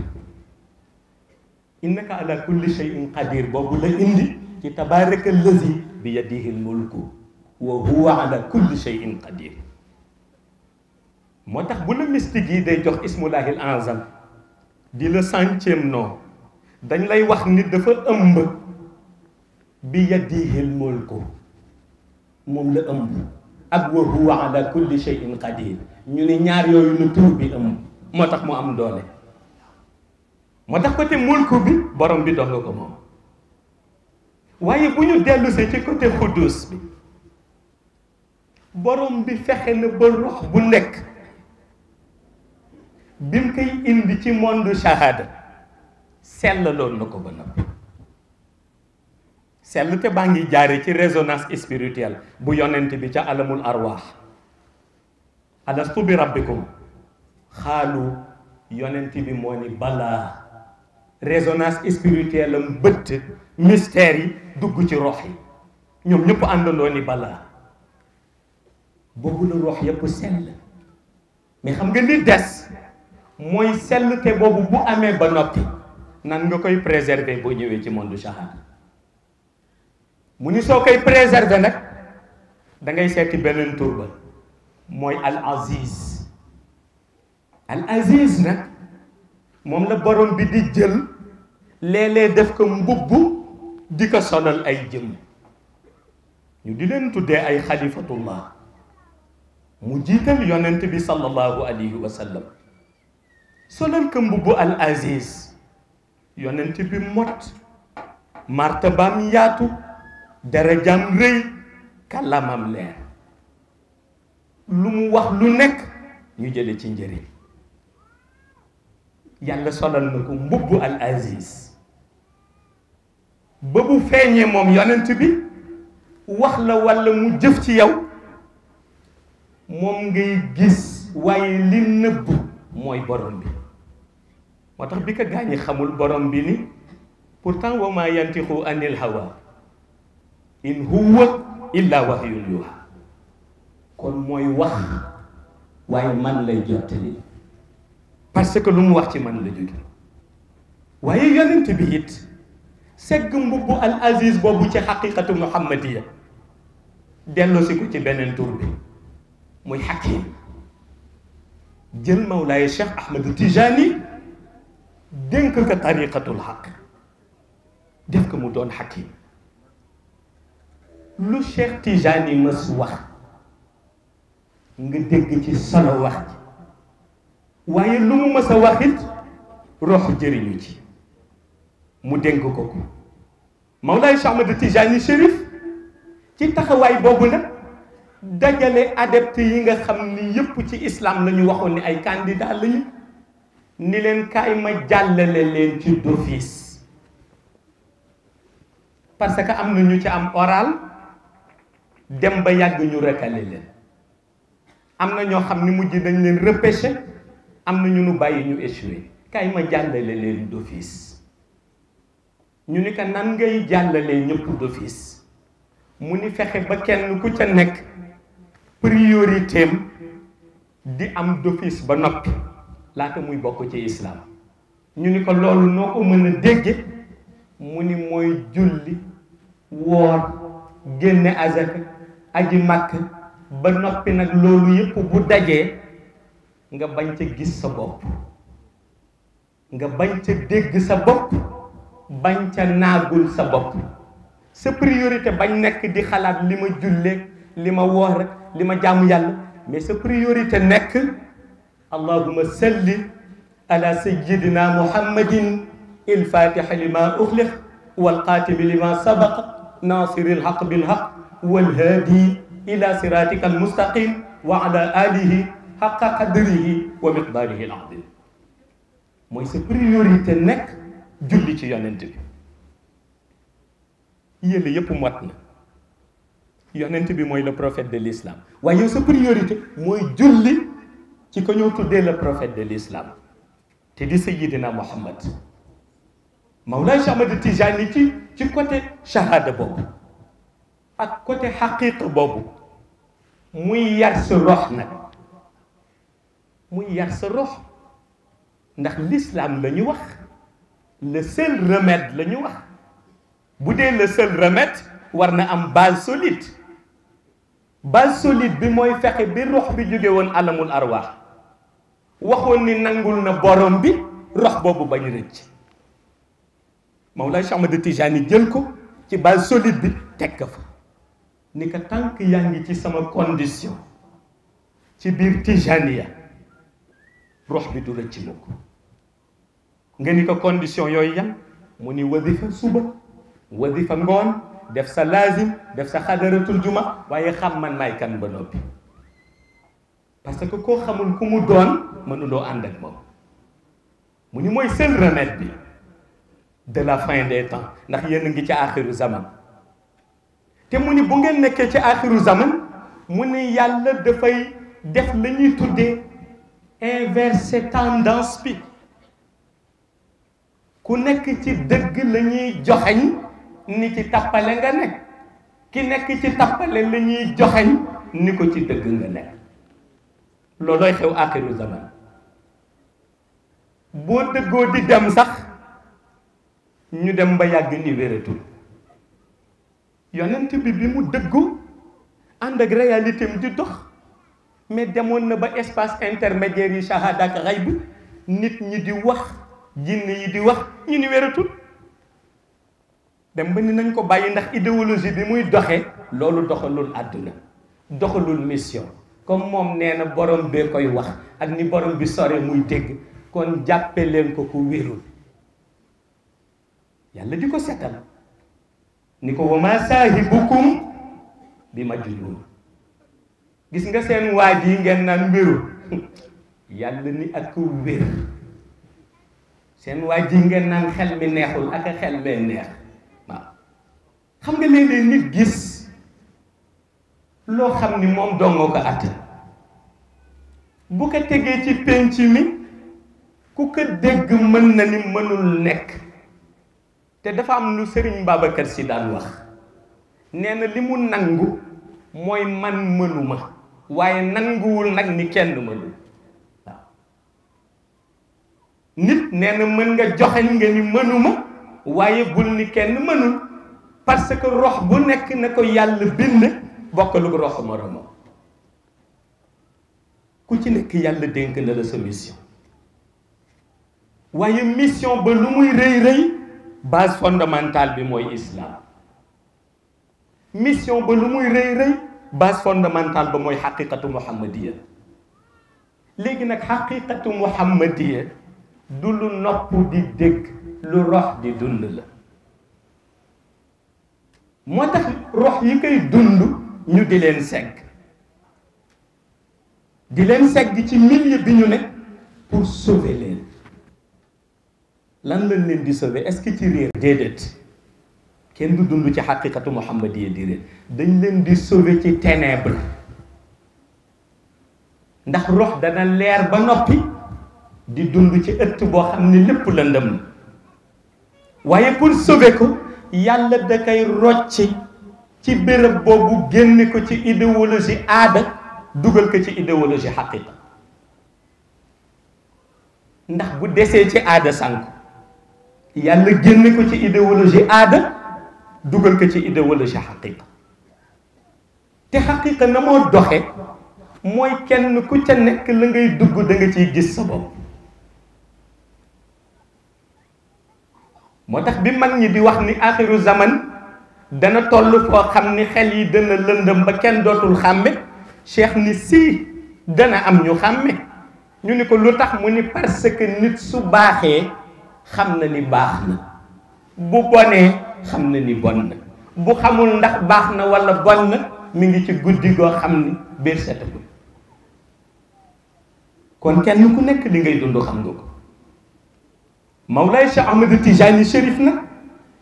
innaka ala kulli shay'in qadir boobu la indi ci tabaraka allazi bi yadihi almulku wa huwa ala kulli shay'in qadir moo tax bu la mystique yi day jox ismullahi al azam di la centième nom dañ lay wax nit dafa ëmb bi yadihi almulku moom la ëmb ak wa huwa ala kulli shay'in qadir ñu ne ñaar yooyu nu tur bi ëmb moo tax mu am doole moo tax ko côté mulku bi boroom bi dong ko moom waaye bu ñu dellusee ci côté xuddus bi borom bi fexe na ba rox bu nekk bi mu koy indi ci monde shahada sellaloon na ko ba noppi sell te baa ngi jaare ci résonance spirituelle bu yonent bi ca alamul arwaax alastu bi rabbikum xaalu yonent bi moo ni balaa résonance spirituelle am bëtt mystère yi dugg ci rox yi ñoom ñëpp àndandoo ni balaa boobu la rox yëpp sell mais xam nga li des mooy sell te boobu bu amee ba noppi nan nga koy préserver boo ñëwee ci monde shahada mu ni soo koy préserver nag da ngay seeti beneen tur ba mooy al aziz al aziz nag moom la borom bi di jël léeg def ko mbubb di ko solal ay jëm ñu di leen tuddee ay xalifatullah mu jiital yonent bi sallallahu alayhi wa sallam solal ko mbubbu al aziz yonent bi mot martabaam yaatu darajaam rëy kàllaamam leer lu mu wax lu nekk ñu jële ci njëriñ yàlla solal na ko mbubbu al aziz ba bu feeñee moom yonent bi wax la walla mu jëf ci yow moom ngay gis waaye li nëbb mooy borom bi moo tax bi ko gaañi xamul borom bi ni pourtant wa maa yantixu anil hawa in huwa illa wahyun yuha kon mooy wax waaye man lay jottali parce que lu mu wax ci man la jóge waaye yonent bi it segg mbubbu al aziz boobu ci xaqiqatu muhammadiya dellosi ko ci beneen tur bi muy xakim jël mawlaay cheikh ahmadu tijani dénk ko tariqatul xaq def ko mu doon xakim lu cheikh tijani mas wax nga dégg ci solo wax waaye lu mu mës a waxit roxu jëriñu ci mu dénk ko ko moom Mawlaay Cheikh Ahmad Tijaani Chérif ci taxawaay boobu nag dajale adepte yi nga xam ni yépp ci islaam la waxoon ni ay candidat lañu ni leen kaay ma jàllale leen ci fiis parce que am na ñu ci am oral dem ba yàgg ñu recalé leen am na ñoo xam ni mujj dañ leen repêché am na ñu nu bàyyi ñu échoué kay ma jàllale leen d'office ñu ni ko nan ngay jàllalee ñëpp d'office mu ni fexe ba kenn ku ca nekk priorité am di am d'office ba noppi laata muy bokk ci islam ñu ni ko loolu noo ko mën a dégge mu ni mooy julli woor génne azaka aji màkk ba noppi nag loolu yëpp bu dajee nga bañ ca gis sa bopp nga bañ ca dégg sa bopp bañ ca naagul sa bopp sa priorité bañ nekk di xalaat li ma julleeg li ma woor rek li ma jaamu yàlla mais sa priorité nekk allahuma salli ala sayyidina muhammadin il fatiha lima uxliq wal xaatimi lima sabaq nasiri lxaq bilxaq walhaadi ila siratika almustaqim wa ala alihi xaqa qadrihi wa miqdaarihi al mooy sa priorité nekk julli ci yonent bi yële yépp mot na yonent bi mooy le profet de l'islam waaye yow sa priorité mooy julli ci ko ñëw tuddee le prophète de l'islam te di sayyidina Muhammad Mawlaay Cheikh Ahmad Tijaani ci ci côté shahada boobu ak côté xaqiqa boobu muy yar sa rox muy yar sa rox ndax lislaam la wax le seul remède la wax bu dee le seul remède war na am base solide base solide bi mooy fexe bi rox bi jóge woon alamul arwaax waxoon ni nangul na borom bi rox boobu bañ rëcc Mawlaay Cheikh Ahmad Tijaani jël ko ci base solide bi teg ko fa ni ko tànk yaa ngi ci sama condition ci biir Tijaaniya ruux bi du la ci mukk nga ni ko condition yooyu yan mu ni wadifa suba wadifa ngoon def sa laazim def sa xadaratul juma waaye xam man maay kan ba noppi parce que koo xamul ku mu doon mënuloo ànd ak moom mu ni mooy seen remède bi de la fin des temps ndax yéen a ngi ci axiru zaman te mu ni bu ngeen nekkee ci axiru zaman mu ni yàlla dafay def la tuddee inversé tendance bi ku nekk ci dëgg la joxeñ ni ci tappale nga nekk ki nekk ci tappale la ñuy joxeñ ni ko ci dëgg nga nekk loolooy xew axiru zaman boo dëggoo di dem sax ñu dem ba yàgg ni wératul yonent bi bi mu dëggu ànd ak réalité am di dox mais demoon na ba espace intermédiaire yi shahada ak bi nit ñi di wax jinn yi di wax ñu ni wératul dem ba ni nañ ko bàyyi ndax idéologie bi muy doxee loolu doxalul àdduna doxalul mission comme moom nee na borom bee koy wax ak ni borom bi sore muy dégg kon jàppe leen ko ku wérul yàlla di ko setal ni ko wa ma saahibukum bi majnun gis nga seen waaj yi ngeen naan wéru yàlla ni ak wér seen waaj yi ngeen naan xel mi neexul ak a xel bee neex waaw xam nga léeg-léeg nit gis loo xam ni moom dongoo ko àtt bu ko tegee ci penc mi ku ko dégg mën na ni mënul nekk te dafa am lu Serigne Babacar si daan wax nee na li mu nangu mooy man mënuma waaye nanguwul nag ni kenn mënul waaw nit nee na mën nga joxeñ nga ni mënuma waaye bul ni kenn mënul parce que rox bu nekk na ko yàlla bind bokkalug rox moroomam ku ci nekk yàlla dénk na la sa mission waaye mission ba lu muy rëy rëy base fondamentale bi mooy islam mission ba lu muy rëy rëy base fondamentale ba mooy xaqiqatu muhammadiya léegi nag xaqiqatu muhammadiya du lu nopp di dégg lu rox di dund la moo tax rox yi koy dund ñu di leen segg di leen segg ci milieu bi ñu ne pour sauver leen lan la leen di sauver est-ce que ci réer déedéet kenn du dund ci xaqiqatu muhammadiya di réer dañ leen di sobe ci ténèbre ndax rox dana leer ba noppi di dund ci ëtt boo xam ne lépp lëndëm la waaye pour sauver ko yàlla da koy rocci ci bërëb boobu génne ko ci idéologie aada dugal ko ci idéologie xaqiqa ndax bu desee ci aada sànq yàlla génne ko ci idéologie aada dugal ko ci idéologie xaqiqa ci xaqiqa na moo doxe mooy kenn ku ca nekk la ngay dugg danga nga ciy gis sa moo tax bi mag ñi di wax ni axiru zaman dana toll koo xam ni xel yi dana lëndëm ba kenn dootul xàmme cheikh ni sii dana am ñu xàmme ñu ni ko lu tax mu ni parce que nit su baaxee xam na ni baax na bu bonee xam na ni bon na bu xamul ndax baax na walla bon na mi ngi ci guddi goo xam ni biir setagul kon kenn ku nekk li ngay dund xam nga ko Mawlaay si Ahmed Tijani Chérif na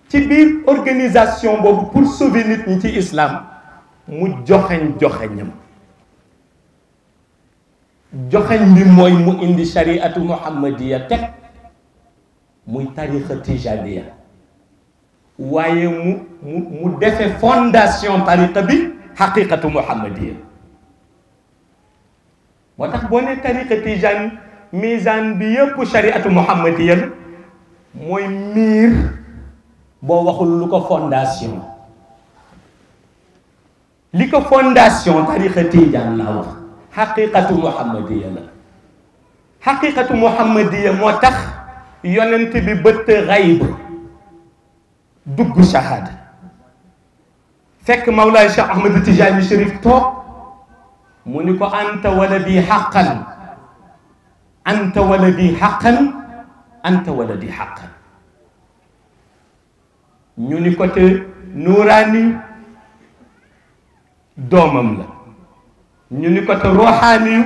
ci biir organisation boobu pour sauver nit ñi ci islaam mu joxeñ joxeñam joxeñ bi mooy mu indi shariatu muhammadiya teg muy tarixa tijaniya waaye mu mu mu defe fondation tarixa bi xaqiqatu muhammadiya moo tax boo ne tariqa tijaan misaan bi yëpp shariatu muhammadiya mooy miir boo waxul lu ko fondation li ko fondation tariqa tijaan laa wax muhammadiya moo tax yonent bi bëtt xayb dugg shahaada fekk Mawlaay Cheikh Ahmed Tijaani Chérif toog mu ni ko anta waladi xaqan anta waladi xaqan anta waladi xaqan ñu ni ko te nuuraani doomam la ñu ni ko te ruuxaani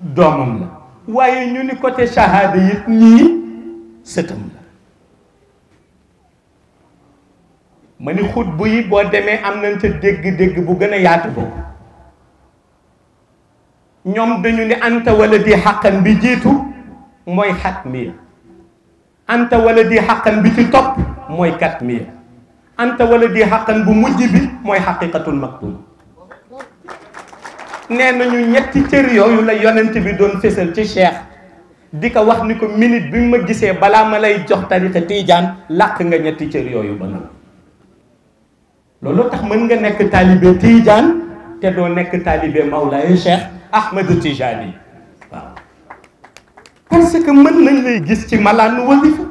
doomam la waaye ñu ni ko te shahaada it ñii sëtam ma ni xut bu boo demee am nañ ca dégg-dégg bu gën a yaatu boobu ñoom dañu ne anta wala di xàqan bi jiitu mooy xat miya anta wala di xaqan bi ci topp mooy kat miya anta wala di xaqan bu mujj bi mooy xaqiqatul maktum nee nañu ñetti cër yooyu la yonent bi doon fésal ci cheikh di ko wax ni ko minute bi ma gisee balaa ma lay jox tarixa tiijaan làq nga ñetti cër yooyu ba nag loolu tax mën nga nekk taalibe Tijaan te doo nekk taalibe Mawlaay Cheikh Ahmed Tijani waaw parce que mën nañ lay gis ci malaanu wasifa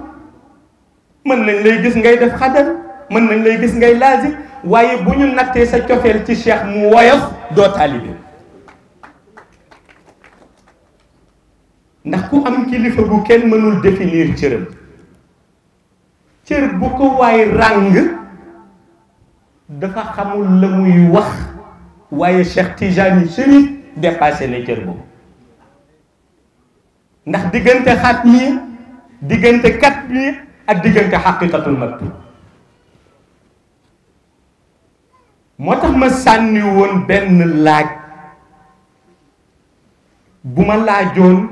mën nañ lay gis ngay def xadar mën nañ lay gis ngay laazim waaye bu ñu nattee sa cofeel ci cheikh mu woyof doo taalibe ndax ku am kilifa bu kenn mënul définir cëram cër bu ko waay ràng dafa xamul la muy wax waaye Cheikh Tijani Chérif dépassé na cër boobu ndax diggante xaat mi diggante kat mi ak diggante xaqiqatul maktub moo tax ma sànni woon benn laaj bu ma laajoon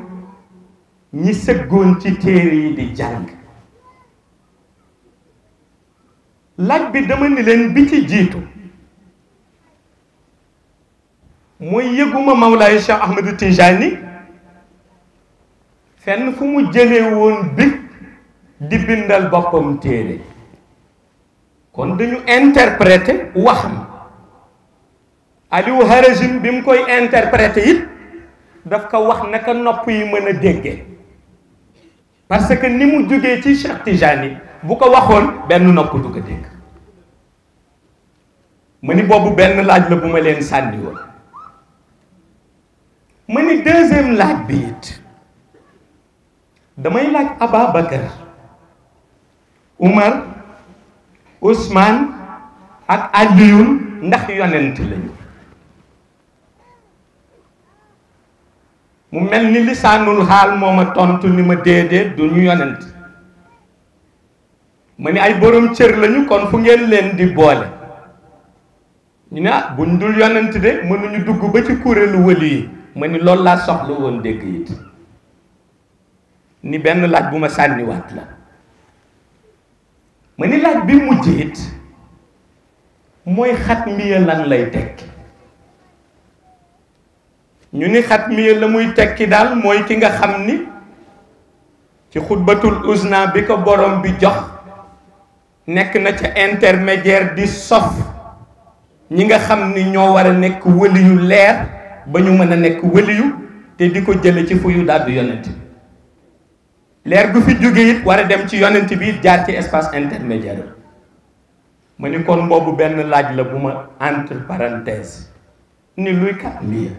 ñi sëggoon ci téere yi di jàng laaj bi dama ni leen bi ci jiitu mooy yëguma Mawlaay Cheikh Ahmadou Tijani fenn fu mu jëlee woon bi di bindal boppam téere kon dañu interpréter waxam Aliou Harazim bi mu koy interpréter it daf ko wax naka nopp yi mën a déggee parce que ni mu jógee ci Cheikh Tijani bu ko waxoon benn nopp du ko dégg ma ni boobu benn laaj la bu ma leen sànni ma ni deuxième laaj bi it damay laaj Ababacar Umar Ousmane ak Alioune ndax yonent lañu mu mel ni lisaanul xaal moo ma tontu ni ma déedéet du ñu yonent ma ni ay borom cër lañu kon fu ngeen leen di boole ñu ne ah buñ dul yonent de mënuñu dugg ba ci kuréelu wëli yi ma ni loolu laa soxla woon dégg it ni benn laaj bu ma sànniwaat la ma ni laaj bi mujj it mooy xat mbiya lan lay tekki ñu ni xat xatmiya la muy tekki daal mooy ki nga xam ni ci xutbatul usna bi ko borom bi jox nekk na ca intermédiaire di sof ñi nga xam ni ñoo war a nekk wëliyu leer ba ñu mën a nekk wëliyu te di ko jële ci yu dàddu yonent leer gu fi jóge it war a dem ci yonent bi jaar ci espace intermédiaire ma ni kon boobu benn laaj la bu ma entre parenthèse ni luy kat lii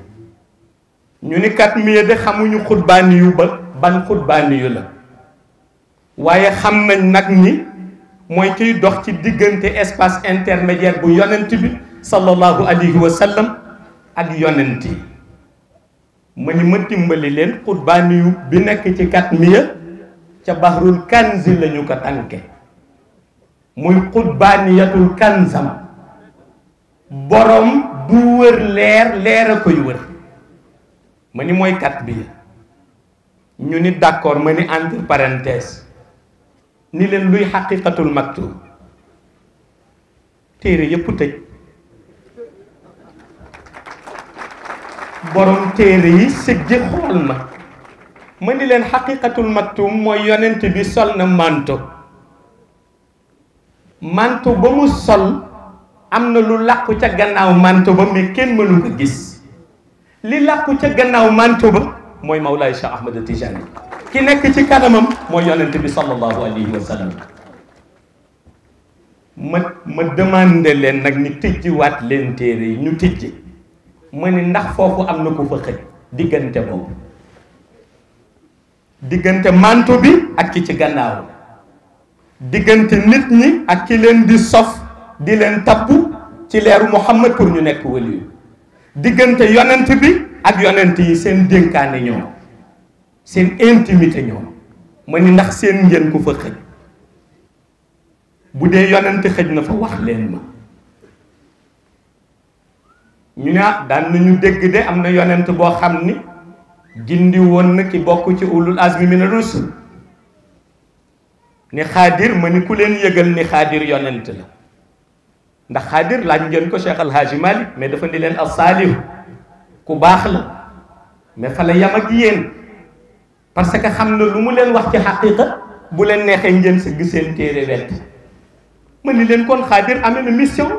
ñu ni kat mii de xamuñu xutbaani yu ba ban xutbaani yu la waaye xam nañ nag ni mooy kiy dox ci diggante espace intermédiaire bu yonent bi sallallahu alayhi wa ak yonent yi ma ma dimbali leen xutbaani yu bi nekk ci kat mii ca baxrul kanzi la ñu ko tànke muy xutbaaniyatul kanzam borom bu wër leer leer a koy wër ma ni mooy kat bi ñu ni d'accord ma ni entre parenthèse ni leen luy xaqiqatul maktub téere yépp tëj borom téere yi sëggi xool ma ma ni leen xaqiqatul maktub mooy yonent bi sol na manto manto ba mu sol am na lu làqu ca gannaaw manto ba mais kenn mënu ko gis li làkku ca gannaaw manto ba mooy Mawlaay Cheikh Ahmad Tijani ki nekk ci kanamam mooy yonent bi sallallahu alayhi wa sallam ma ma demandé leen nag ñu tijjiwaat leen téere yi ñu tijji ma ni ndax foofu am na ko fa xëj diggante boobu diggante manto bi ak ki ci gannaaw diggante nit ñi ak ki leen di sof di leen tapp ci leeru Muhammad pour ñu nekk wëliyu diggante yonent bi ak yonent yi seen dénkaane ñoom seen intimité ñoom ma ni ndax seen njën ku fa xëj bu dee yonent xëj na fa wax leen ma ñu ne ah, daan nañu dégg de am na yonent boo xam ni gindi woon na ki bokk ci ulul azmi mina rusul ni xaadir ma ni ku leen yëgal ni xaadir yonent la ndax xaadir laaj ngeen ko Cheikh Al Hadji Malick mais dafa ni leen al saalih ku baax la mais fa la yam ak yéen parce que xam na lu mu leen wax ci xaqiqa bu leen neexee ngeen sëgg seen téere ma ni leen kon xaadir amee na mission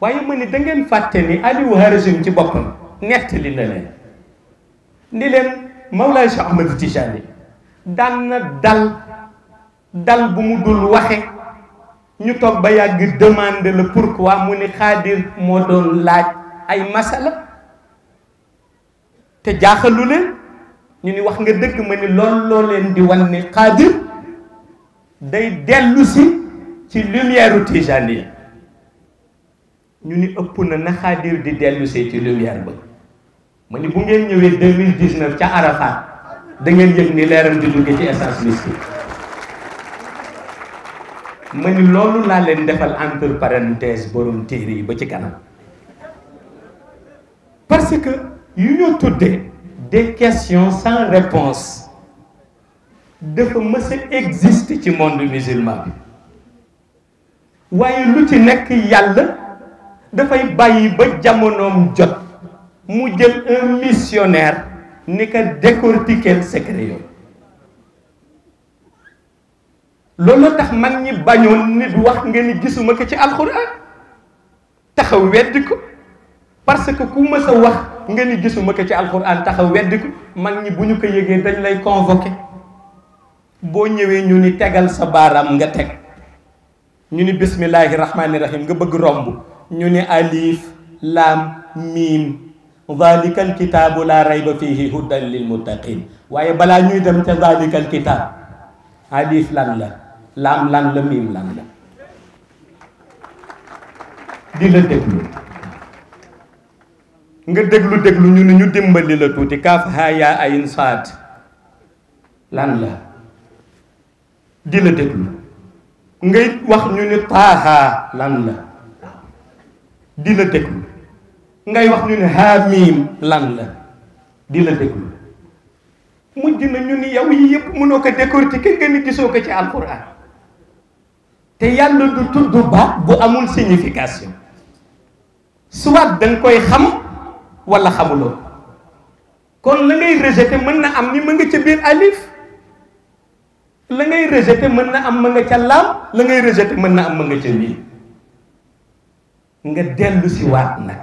waaye ma ni da ngeen fàtte ni Aliou Harazim ci boppam nettali na leen ni leen Mawlaay a Ahmad Tijani daan na dal dal bu mu dul waxe ñu toog ba yàgg demander le pourquoi mu ni xaadir moo doon laaj ay masala te jaaxalu leen ñu ni wax nga dëgg ma ni lool loo leen di wan ni xaadir day dellusi ci lumière u Tijaani ñu ni ëpp na na xaadir di dellu si ci lumière ba ma ni bu ngeen ñëwee deux ca Arafat da ngeen yëg ni leeram di jóge ci essence mystique ma ni loolu laa leen defal entre parenthèse borom téere yi ba ci kanam parce que yu ñu tuddee des questions sans réponse dafa mës a existe ci monde musulman bi waaye lu ci nekk yàlla dafay bàyyi ba jamonoom jot mu jël un missionnaire ni ko décortiquer secret yooyu loolu tax mag ñi bañoon nit wax nga ni gisuma ko ci alxuraan taxaw weddi parce que ku mës wax nga ni gisuma ko ci alxuraan taxaw weddi man ñi bu ñu ko yëgee dañ lay convoqué boo ñëwee ñu ni tegal sa baaraam nga teg ñu ni bismillaahi rahmaani rahim nga bëgg romb ñu ni alif laam miim dalika alkitaabu laa rayba fiihi hudan lil muttaqin waaye balaa ñuy dem ca dalika alkitaab alif lan la laam lan la miim lan la di la déglu nga déglu déglu ñu ni ñu dimbali la tuuti kaaf haya ayin saat lan la di la déglu ngay wax ñu ni taaha lan la di la déglu ngay wax ñu ni haamiim lan la di la déglu mujj na ñu ni yow yi yëpp mënoo ko décortiquer nga ni gisoo ko ci alquran te yàlla du tudd baat bu amul signification soit da koy xam walla xamuloo kon la ngay rejeter mën na am ni ma nga ca biir alif la ngay rejeter mën na am ma nga ca laam la ngay rejeter mën na am ma nga ca mii nga dellu si waat nag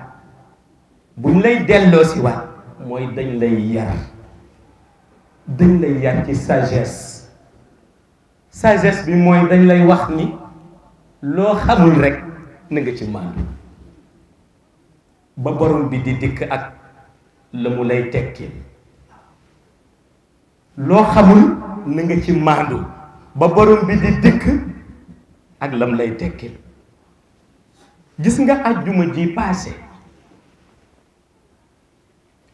buñ lay delloo si waat mooy dañ lay yar dañ lay yar ci sagesse sagesse bi mooy dañ lay wax ni loo xamul rek na nga ci maandu ba borom bi di dikk ak la mu lay tekki loo xamul na nga ci maandu ba borom bi di dikk ak lam lay tekkil gis nga ajjuma ji paase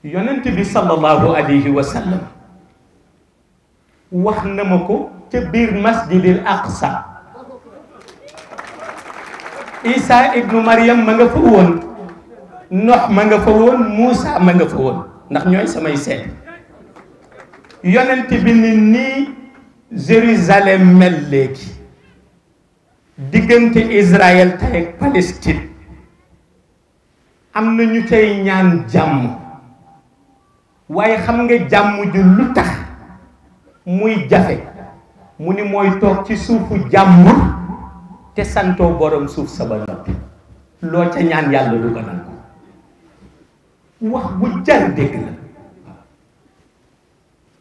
yonent bi sallallahu alayhi wa wax na ma ko ca biir masjidil aqsa Isa ibnu Maryam ma nga fa woon Nox ma nga fa woon Moussa ma nga fa woon ndax ñooy samay seet yonent bi ni nii Jérusalem mel léegi diggante Israël tey ak Palestine am na ñu tey ñaan jàmm waaye xam nga jàmm ju lu tax muy jafe mu ni mooy toog ci suufu jàmmul te santoo borom suuf sa ba loo ca ñaan yàlla du ko nangu wax bu jar dégg la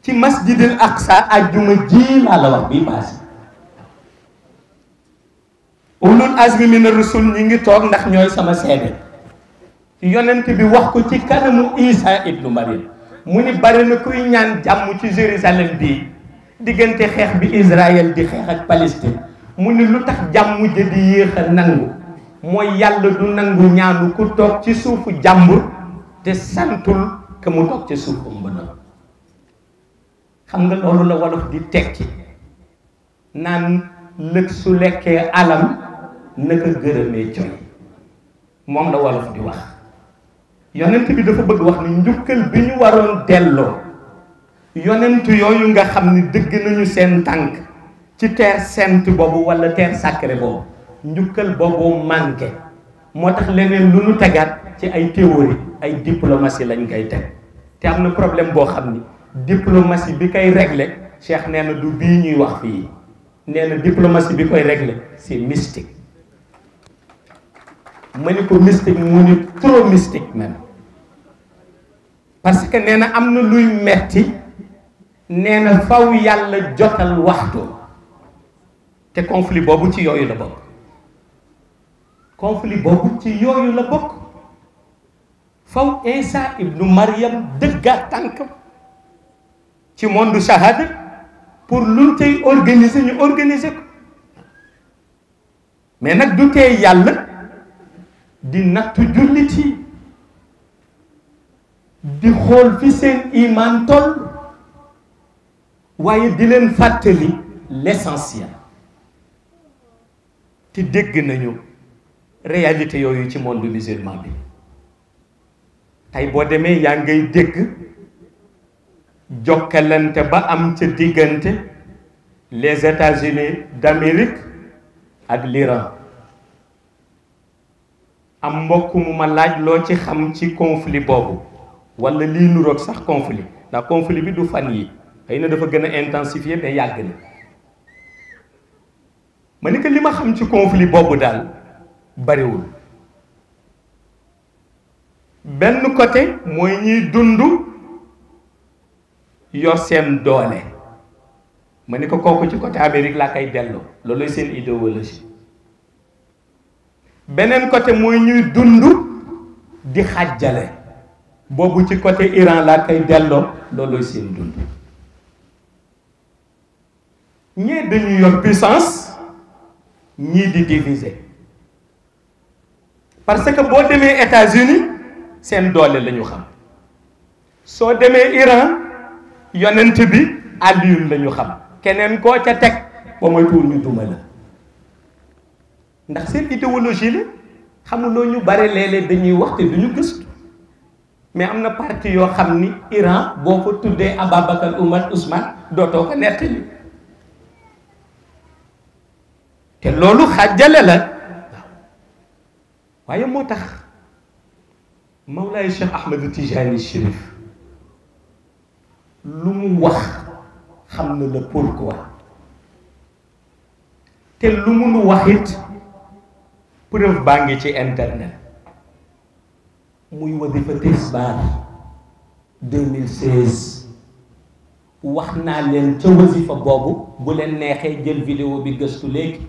ci masjidil aqsa ajjuma ji laa la wax bii paase ulul azmi mina rusul ñi ngi toog ndax ñooy sama seede yonent bi wax ko ci kanamu isa ibnu maryam mu ni bari na kuy ñaan jàmm ci jérusalem bii diggante xeex bi israël di xeex ak palestine mu ni lu tax jàmm ja di yéex a nangu mooy yàlla du nangu ñaanu ku toog ci suufu jàmbur te santul que mu toog ci suufam ba xam nga loolu la wolof di tekki naan lëg su lekkee alal naka gërëmee coy moom la wolof di wax yonent bi dafa bëgg wax ni njukkal bi ñu waroon delloo yonent yooyu nga xam ni dëgg nañu seen tànk ci terre sent boobu wala teer sacrée boobu njukkal boobu manqué moo tax leneen lu nu tegaat ci ay théorie ay diplomatie lañ koy teg te am na problème boo xam ni diplomatie bi koy régler Cheikh nee na du bii ñuy wax fii nee na diplomatie bi koy régler c'est mystique ma ni ko mystique mu ni trop parce que nee na am na luy metti nee na faw yàlla jotal waxtu te conflit boobu ci yooyu la bokk conflit boobu ci yooyu la bokk faw Isa ibnu Maryam dëggaat tànkam ci monde shahada pour lu tey organiser ñu organiser ko mais nag du tee yàlla di nattu jullit yi di xool fi seen iman toll waaye di leen fàttali l'essentiel te dégg nañu réalité yooyu ci monde musulman bi tey boo demee yaa ngay dégg jokkalante ba am ca diggante les États-Unis d'Amérique ak l'Iran am mbokk mu ma laaj loo ci xam ci conflit boobu walla lii nuroog sax conflit ndax conflit bi du fan yi xëy na dafa gën a intensifier mais yàgg na ma ni que li ma xam ci conflit boobu daal bariwul benn côté mooy ñuy dund yor seen doone ma ni ko kooku ci côté Amérique laa koy delloo loolooy seen idéologie beneen côté mooy ñuy dund di xàjjale boobu ci côté Iran laa koy delloo loolooy seen dund ñee dañuy yor puissance ñii di diviser parce que boo demee États-Unis seen doole la ñu xam soo demee Iran yonent bi Alioune lañu xam keneen koo ca teg ba mooy tuur ñu duma la ndax seen idéologie la xamuloo ñu bare léeg dañuy wax te duñu gëstu mais am na parti yoo xam ni Iran boo ko tuddee Ababacar Oumar Ousmane dootoo ko nettali te loolu xàjjale la waaye moo tax Mawlaay Cheikh Ahmed Tijani Chérif lu mu wax xam na la pourquoi te lu mu nu wax it baa ngi ci internet muy wadifa tisbaar 2016 wax naa leen ca wasifa boobu bu leen neexee jël vidéo bi gëstu léegi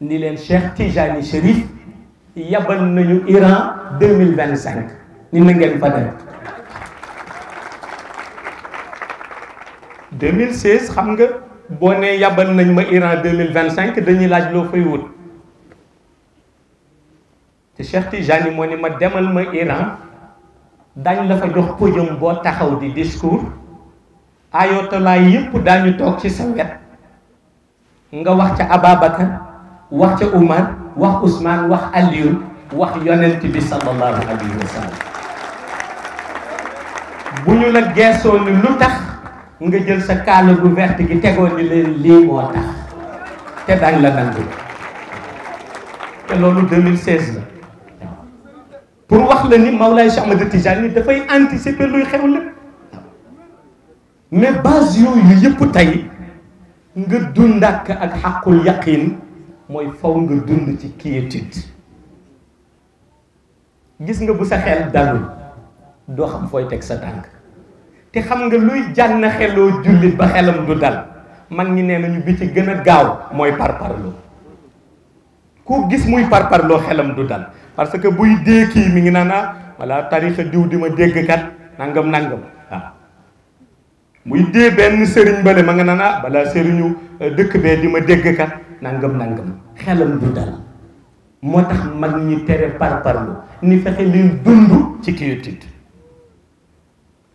ni leen Cheikh Tijani Chérif yabal nañu Iran deux mille vingt cinq ni na ngeen fa dem. xam nga boo ne yabal nañ ma Iran deux mille vingt cinq dañuy laaj loo fay wut te Cheikh Tijani moo ni ma demal ma Iran dañ la fa jox podium boo taxaw di discours ayotolaay yëpp daañu toog ci sa wet nga wax ca Ababacar. wax ca uman wax Ousmane wax Alioune wax yonent tibi sallallahu alayhi wa sallam bu ñu la geesoo ni lu tax nga jël sa kaala gu verte gi tegoon ni leen lii moo tax te dañ la nangu te loolu 2016 la pour wax la ni Mawlaay Cheikh Ahmed Tidiane dafay anticiper luy xew lépp mais base yooyu yëpp tey nga dund ak ak xaqul yaqin mooy faw nga dund ci kii quiétude gis nga bu sa xel dalul doo xam fooy teg sa tànk te xam nga luy jànn xeloo jullit ba xelam du dal mag ñi nee nañu bi ci gën a gaaw mooy parparloo ku gis muy parparloo xelam du dal parce que buy dee kii mi ngi naan ah walla tarixa diw di ma dégg kat nangam nangam muy dee benn sëriñ bale ma nga naan ah, balaa sëriñu eh, dëkk bee di ma dégg ka nangam nangam xelam du dal moo tax mag ñi tere par parlu ni fexe leen dund ci quiétude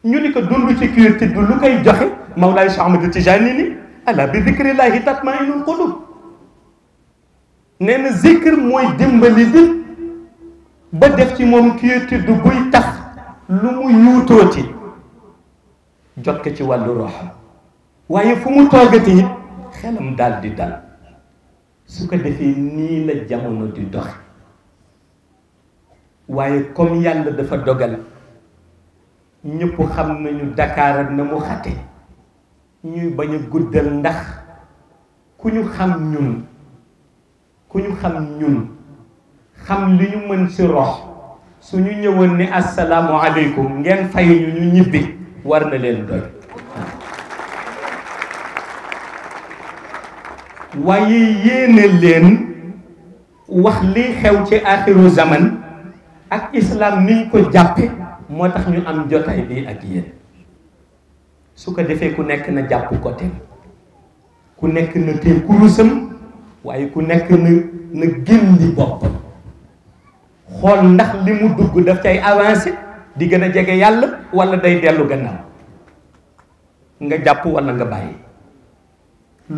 ñu ni ko dund ci quiétude bi lu koy joxe Mawlaay Cheikh Ahmad Tijaani ni ala bi zikrillahi tatma'innul qulub nee na zikr mooy dimbali bi ba def ci moom quiétude buy tax lu mu yuutooti jot ko ci wàllu roxam waaye fu mu toogati it xelam daal di dal su ko defee nii la jamono di dox waaye comme yàlla dafa dogal ñëpp xam nañu Dakar ak na mu xate ñuy bañ a guddal ndax ku ñu xam ñun ku ñu xam ñun xam li ñu mën ci rox su ñu ñëwoon ne asalaamualeykum ngeen fay ñu ñu ñibbi war na leen doy waaye yéene leen wax lii xew ci axiru zaman ak islam niñ ko jàppe moo tax ñu am jotaay bi ak yéen su ko defee ku nekk na jàpp ko ku nekk na tey kurusam waaye ku nekk na na génn li boppam xool ndax li mu dugg daf cay avancé di gën a jege yàlla wala day dellu gannaaw nga jàpp walla nga bàyyi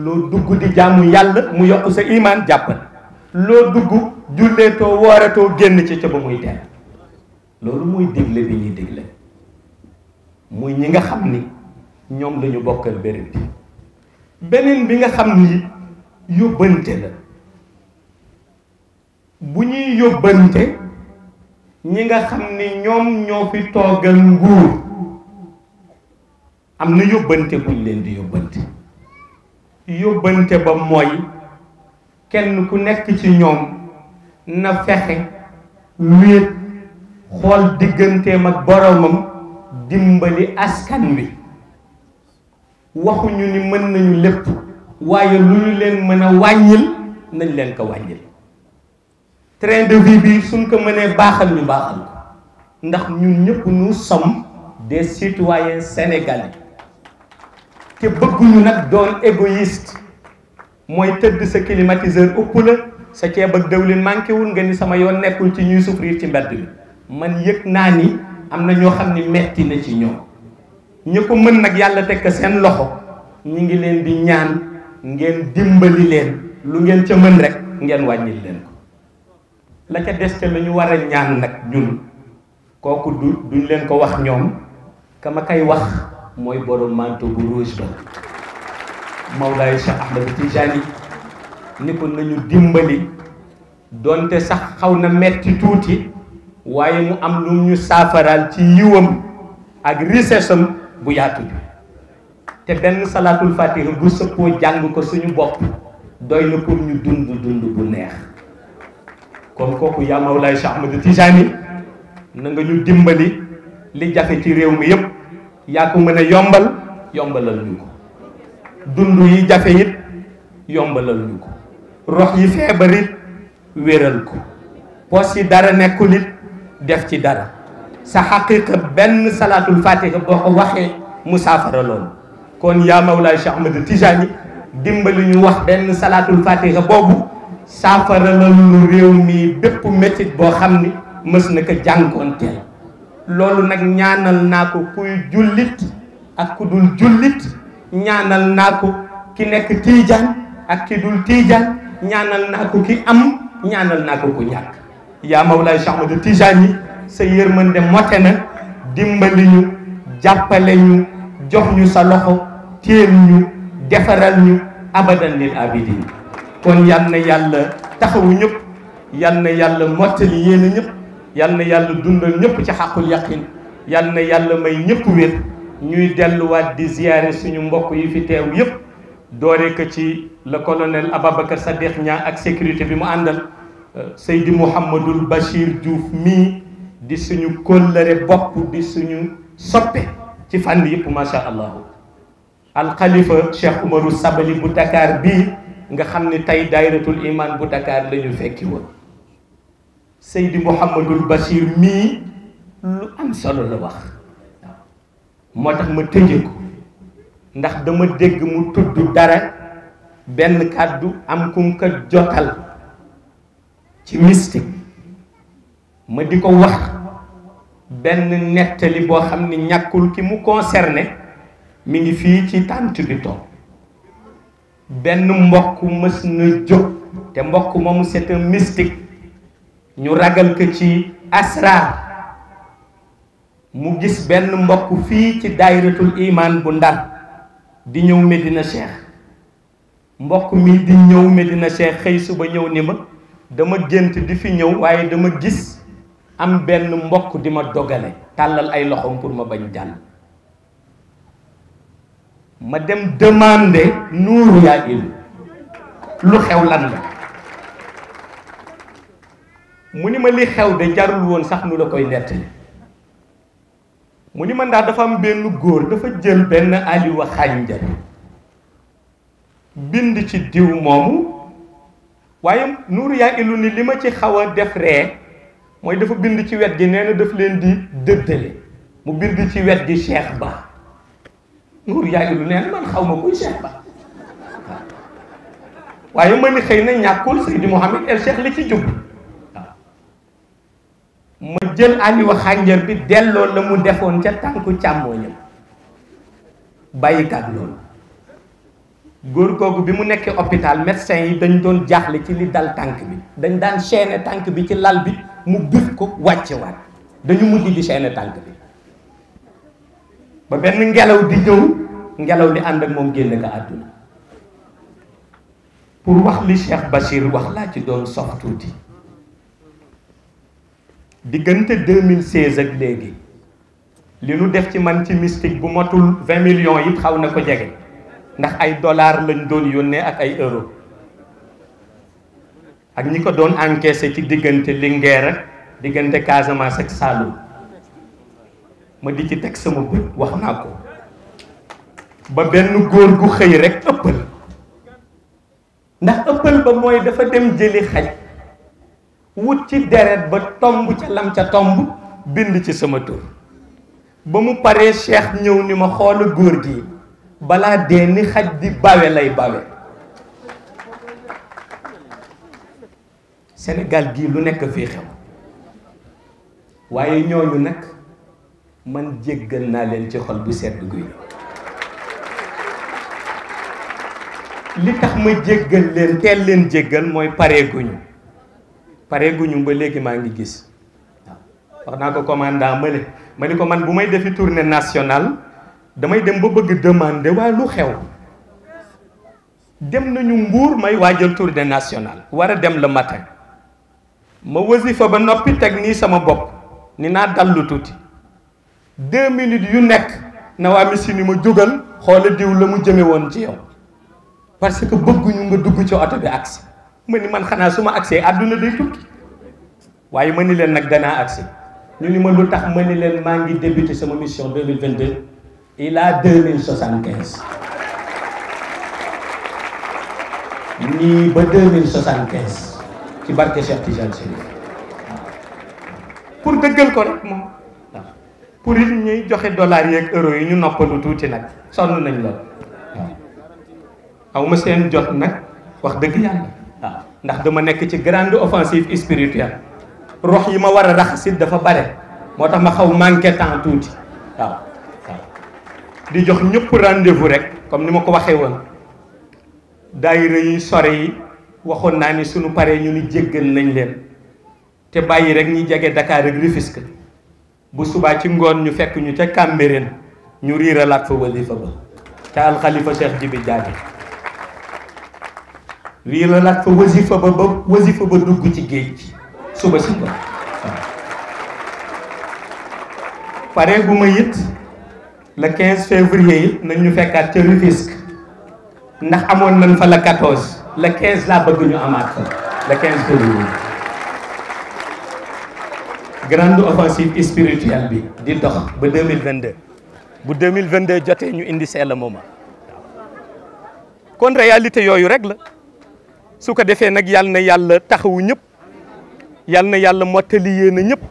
loo dugg di jàmm yàlla mu yokk sa imaan jàppal loo dugg julleetoo wooretoo génn ci ca ba muy dell loolu mooy digle bi ñuy digle mooy ñi nga xam ni ñoom lañu bokkal béréb bi beneen bi nga xam ni yóbbante la bu ñuy yóbbante ñi nga xam ni ñoom ñoo fi toogal nguur am na yóbbante buñ leen di yóbbante yóbbante ba mooy kenn ku nekk ci ñoom na fexe wéet xool digganteem ak boromam dimbali askan wi waxuñu ni mën nañu lépp waaye lu ñu leen mën a wàññil nañ leen ko wàññil train de vie bi suñ ko mënee baaxal ñu baaxal ko ndax ñun ñëpp nous sommes des citoyens sénégalais te bëgguñu nag doon égoïste mooy tëdd sa climatiseur ëpp la sa ceeb ak dëwlin manqué wul nga ni sama yoon nekkul ci ñuy souffrir ci mbedd bi man yëg naa ni am na ñoo xam ni metti la ci ñoom ñëpp ko mën nag yàlla teg ko seen loxo ñu ngi leen di ñaan ngeen dimbali leen lu ngeen ca mën rek ngeen wàññil leen la ca des ca la ñu war a ñaan nag ñun kooku du duñ leen ko wax ñoom ka ma kay wax mooy borom manteau bu rouge ba Mawlaay Cheikh Ahmed Tijani ni ko nañu dimbali donte sax xaw na metti tuuti waaye mu am lu ñu saafaraal ci yiwam ak richesse bu yaatu bi te benn salaatul fatiha bu sëppoo jàng ko suñu bopp doy na pour ñu dund dund bu neex kon kooku yaa Mawlaay Cheikh Ahmad Tijaani na nga ñu dimbali li jafe ci réew mi yépp yaa ko mën a yombal yombalal ñu ko dund yi jafe it yombalal ñu ko rox yi feebar it wéral ko poos yi dara nekkul it def ci dara sa xaqiqa benn salaatul fatiha boo ko waxee musaafara kon yaa Mawlaay Cheikh Ahmad Tijaani dimbali ñu wax benn salaatul fatiha boobu saafara la réew mi bépp métit boo xam ni mës na ko jànkoonteel loolu nag ñaanal naa ko kuy jullit ak ku dul jullit ñaanal naa ko ki nekk tiijaan ak ki dul tiijaan ñaanal naa ko ki am ñaanal naa ko ku ñàkk yaa Mawlaay Cheikh Ahmadou Tidiane yi sa yërmande mote na dimbali ñu jàppale ñu jox ñu sa loxo téel ñu defaral ñu abadan lil abidin kon yal na yàlla taxawu ñëpp yal na yàlla mottali yéene ñëpp yal na yàlla dundal ñëpp ci xàqul yaqin yal na yàlla may ñëpp wér ñuy delluwaat di ziyaare suñu mbokk yi fi teew yëpp doore ko ci le colonel Ababacar Sadikh ñaar ak sécurité bi mu àndal euh, Seydi Mouhamadul Bachir Diouf mii di suñu kóllëre bopp di suñu soppe ci fànn yëpp macha allah alxalifa Cheikh Umaru Sabali bu Dakar bii nga xam ni tey daayiratul iman bu Dakar la ñu fekki woon Seydi Mouhamadul Bachir mii lu am solo la wax waaw moo tax ma tëje ko ndax dama dégg mu tudd dara benn kàddu am kum ko jotal ci mystique ma di ko wax benn nettali boo xam ne ñàkkul ki mu concerné mu ngi fii ci tànt bi toog benn mbokk mës na jóg te mbokk moomu c'est un mystique ñu ragal ko ci asrar mu gis benn mbokk fii ci daayiratul iman bu ndar di ñëw Medina Cheikh mbokk mi di ñëw Medina Cheikh xëy suba ñëw ni ma dama gént di fi ñëw waaye dama gis am benn mbokk di ma dogale tàllal ay loxoom pour ma bañ jàll ma dem demander nuuru yaa élu lu xew lan la mu ni ma li xew de jarul woon sax nu la koy nettali mu ni ma ndax dafa am benn góor dafa jël benn aliwa xànjar bind ci diw moomu waaye nuur yaa élu ni li ma ci xaw a def ree mooy dafa bind ci wet gi nee daf leen di dëddale mu bind ci wet gi Cheikh Ba Nour Ndiaye lu neen man xaw ma kuy Cheikh Ba waaye mën ni xëy na ñàkkul Seydi Mouhamed El Cheikh li ci jub ma jël aliwa xànjar bi delloo la mu defoon ca tànku càmmooñam bàyyikaat loolu góor googu bi mu nekkee hôpital médecin yi dañ doon jaaxle ci li dal tànk bi dañ daan chaîner tànk bi ci lal bi mu bif ko wàcce waat dañu mujj di chaîner tànk bi ba benn ngelaw di ñëw ngelaw li ànd ak moom génn nga àdduna pour wax li Cheikh Bachir wax laa ci doon sof tuuti diggante 2016 ak léegi li nu def ci man ci mystique bu matul 20 millions yi xaw na ko jege ndax ay dollars lañ doon yónnee ak ay euro ak ñi ko doon encaissé ci diggante Linguère ak diggante Casamance ak Saloum ma di ci teg sama bët wax naa ko ba benn góor gu xëy rek ëppal ndax ëppal ba mooy dafa dem jëli xaj wut ci deret ba tomb ca lam ca tomb bind ci sama tur ba mu paree cheikh ñëw ni ma xoola góor gi balaa dee ni xaj di bawe lay bawe senegal gi lu nekk fii xew waaye ñooñu nag man jéggal naa leen ci xol bu sedd guy li tax ma jéggal leen teel leen jéggal mooy pareeguñu ñu ba léegi maa ngi gis wax naa ko commandant male ma ni ko man bu may defi tournée nationale damay dem ba bëgg demande waa lu xew dem nañu mbuur may waajal tournée nationale war a dem la matin ma wasifa ba noppi teg nii sama bopp ni naa dallu tuuti deux minutes yu nekk na waa machine yi ma jógal xoola diw la mu jëme woon ci yow parce que bëgguñu nga dugg ci oto bi agsi ma ni man xanaa su ma agsee àdduna day tukki waaye ma ni leen nag danaa agsi ñu ni ma lu tax ma ni leen maa ngi débuté sama mission 2022 il a 2075 nii ba 2075 ci barke Cheikh Tidiane Chérif pour dëggal ko rek pour it ñuy joxe dollars yeeg euro yi ñu noppalu tuuti nag sonn nañ lool waaw ma seen jot nag wax dëgg yàlla ndax dama nekk ci grande offensive spirituelle rox yi ma war a raxasit dafa bare moo tax ma xaw manqué temps tuuti waaw di jox ñëpp rendez-vous rek comme ni ma ko waxee woon daayira yi sore yi waxoon naa ni suñu paree ñu ni jéggal nañ leen te bàyyi rek ñi jege Dakar ak Rufisque bu subaa ci ngoon ñu fekk ñu ca Cambérène ñu riiralaat fa wasifa ba ca alxalifa Cheikh Jibi Jaabi riiralaat fa wasifa ba ba wasifa ba dugg ci géej gi suba si ba pare gu ma it le 15 février it nañ ñu fekkaat ca Rufisque ndax amoon nañ fa le 14 le 15 laa bëgg ñu amaat fa le février grande offensive spirituelle bi di dox ba de bu 2022 jotee ñu indi c'est le moment kon réalité yooyu rek la su ko defee nag yàlla na yàlla taxawu ñëpp yàlla na yàlla mottali yéen a ñëpp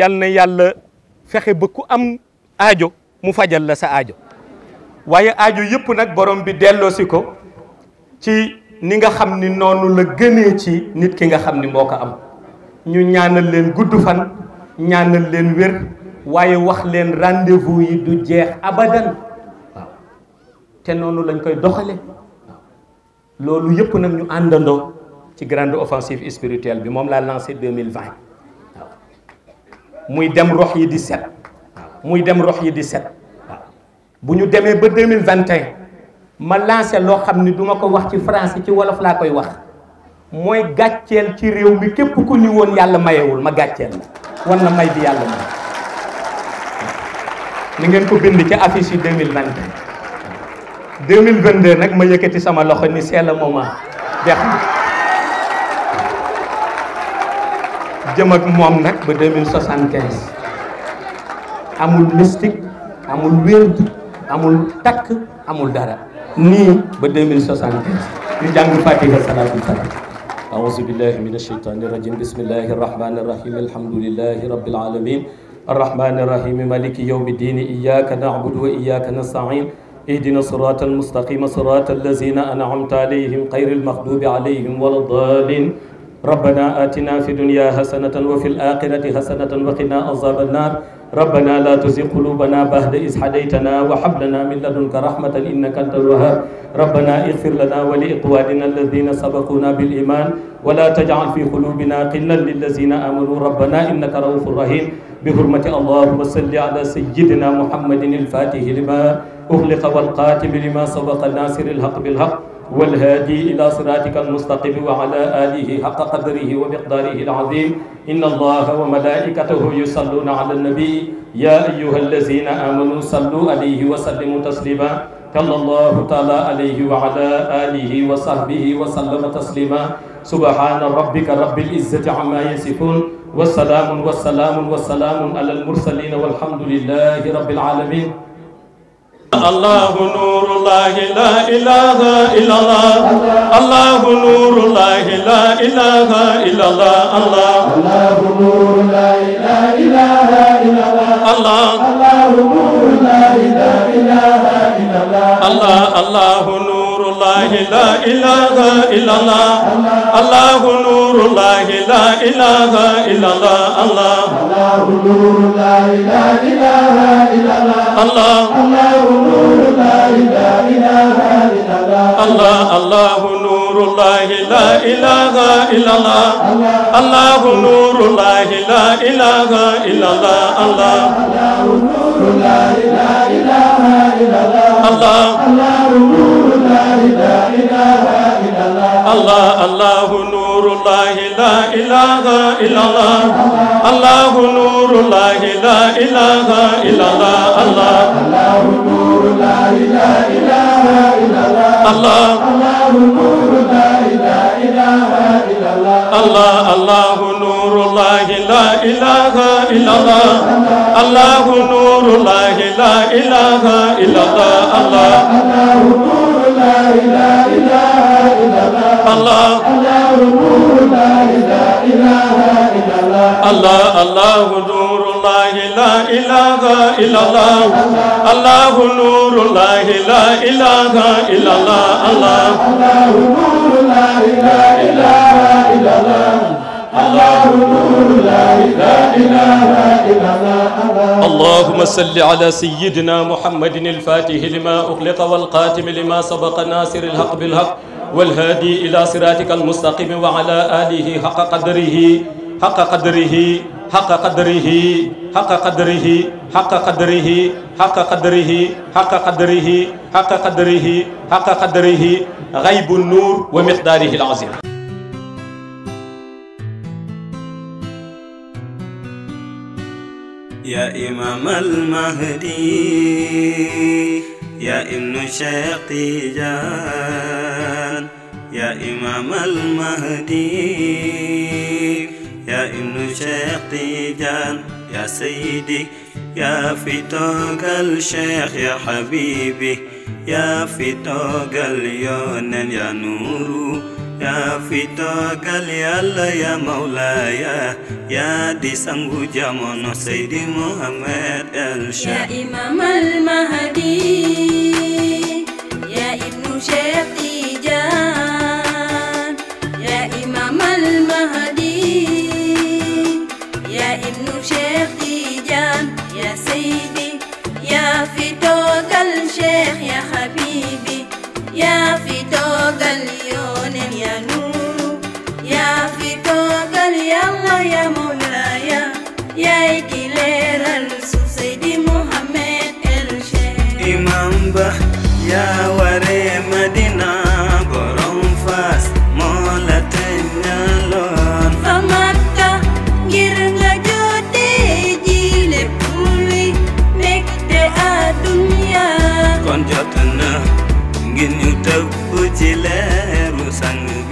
yàlla na yàlla fexe ba ku am aajo mu fajal la sa aajo waaye aajo yëpp nag borom bi delloosi ko ci ni nga xam ni noonu la gënee ci nit ki nga xam ni moo ko am ñu ñaanal leen gudd fan ñànnal leen wér waaye wax leen rendez-vous yi du jeex abadan waaw te noonu lañ koy doxale loolu yëpp nag ñu àndandoo ci grande offensive spirituelle bi moom laa lancé 2020 waaw muy dem rox yi di set muy dem rox yi di set bu ñu demee ba 2021 ma lancé loo xam ni duma ko wax ci français ci wolof laa koy wax mooy gàcceel ci réew mi képp ku ni woon yàlla mayewul ma gàcceel la wan la may bi yàlla may ni ngeen ko bind ci mille affiche yi 2021 2022 nag ma yëkkati sama loxo ni seela le moment jeex na jëm ak moom nag ba 2075 amul mystique amul wérd amul takk amul dara nii ba 2075 ñu jàng fatiha salaatu salaam أعوذ بالله من الشيطان الرجيم بسم الله الرحمن الرحيم الحمد لله رب العالمين الرحمن الرحيم مالك يوم الدين إياك نعبد وإياك نستعين اهدنا الصراط المستقيم صراط الذين أنعمت عليهم غير المغضوب عليهم ولا الضالين ربنا آتنا في الدنيا حسنة وفي الآخرة حسنة وقنا عذاب النار ربنا لا تزغ قلوبنا بعد إذ هديتنا وهب لنا من لدنك رحمة إنك أنت الوهاب ربنا اغفر لنا ولإخواننا الذين سبقونا بالإيمان ولا تجعل في قلوبنا غلا للذين آمنوا ربنا إنك رؤوف رحيم بحرمة اللهم صل على سيدنا محمد الفاتح لما أغلق والقاتم لما سبق الناصر الحق بالحق والهادي إلى صراطك المستقيم وعلى آله حق قدره ومقداره العظيم إن الله وملائكته يصلون على النبي يا أيها الذين آمنوا صلوا عليه وسلموا تسليما صلى الله تعالى عليه وعلى آله وصحبه وسلم تسليما سبحان ربك رب العزة عما يصفون والسلام والسلام والسلام على المرسلين والحمد لله رب العالمين الله نور الله لا إله إلا الله الله نور الله لا إله إلا الله الله الله نور الله لا إله إلا الله الله الله نور الله لا إله إلا الله الله الله نور نور الله لا إله إلا الله الله نور الله لا إله إلا الله الله نور الله لا إله إلا الله الله نور الله لا إله إلا الله الله الله نور الله لا إله إلا الله الله نور الله لا إله إلا الله الله نور الله لا إله إلا الله الله نور لا إله إلا الله الله الله نور الله لا إله إلا الله الله نور الله لا إله إلا الله الله الله نور الله لا إله إلا الله الله الله نور الله لا إله إلا الله الله الله نور الله لا إله إلا الله الله نور الله لا إله إلا الله الله الله نور لا إله إلا الله الله الله نور لا إله إلا الله الله الله نور الله لا إله إلا الله الله نور الله لا إله إلا الله الله الله نور لا إله إلا الله اللهم صل على سيدنا محمد الفاتح لما أغلق والقاتم لما سبق ناصر الحق بالحق والهادي إلى صراطك المستقيم وعلى آله حق قدره حق قدره حق قدره حق قدره حق قدره حق قدره حق قدره حق قدره حق قدره غيب النور ومقداره العظيم يا إمام المهدي يا ابن شيخ تيجان يا إمام المهدي يا ابن شيخ تيجان يا سيدي يا في توق الشيخ يا حبيبي يا في توق اليونان يا نور toogal yàlla ya mawlaaya yaa di sangu jamono Seydi Mouhamed El Cheikh ya imam al mahdi ya ibnu Cheikh Tidiane ya imam al mahdi ya ibnu Cheikh Tidiane ya Seydi ya fi toogal Cheikh ya habib ba yaa Madina borom moo la tëñaloon fa Makka ngir nga jotee ji lépp luy nekk te àdduna kon jot na ngir ñu tëbb ci leeru sang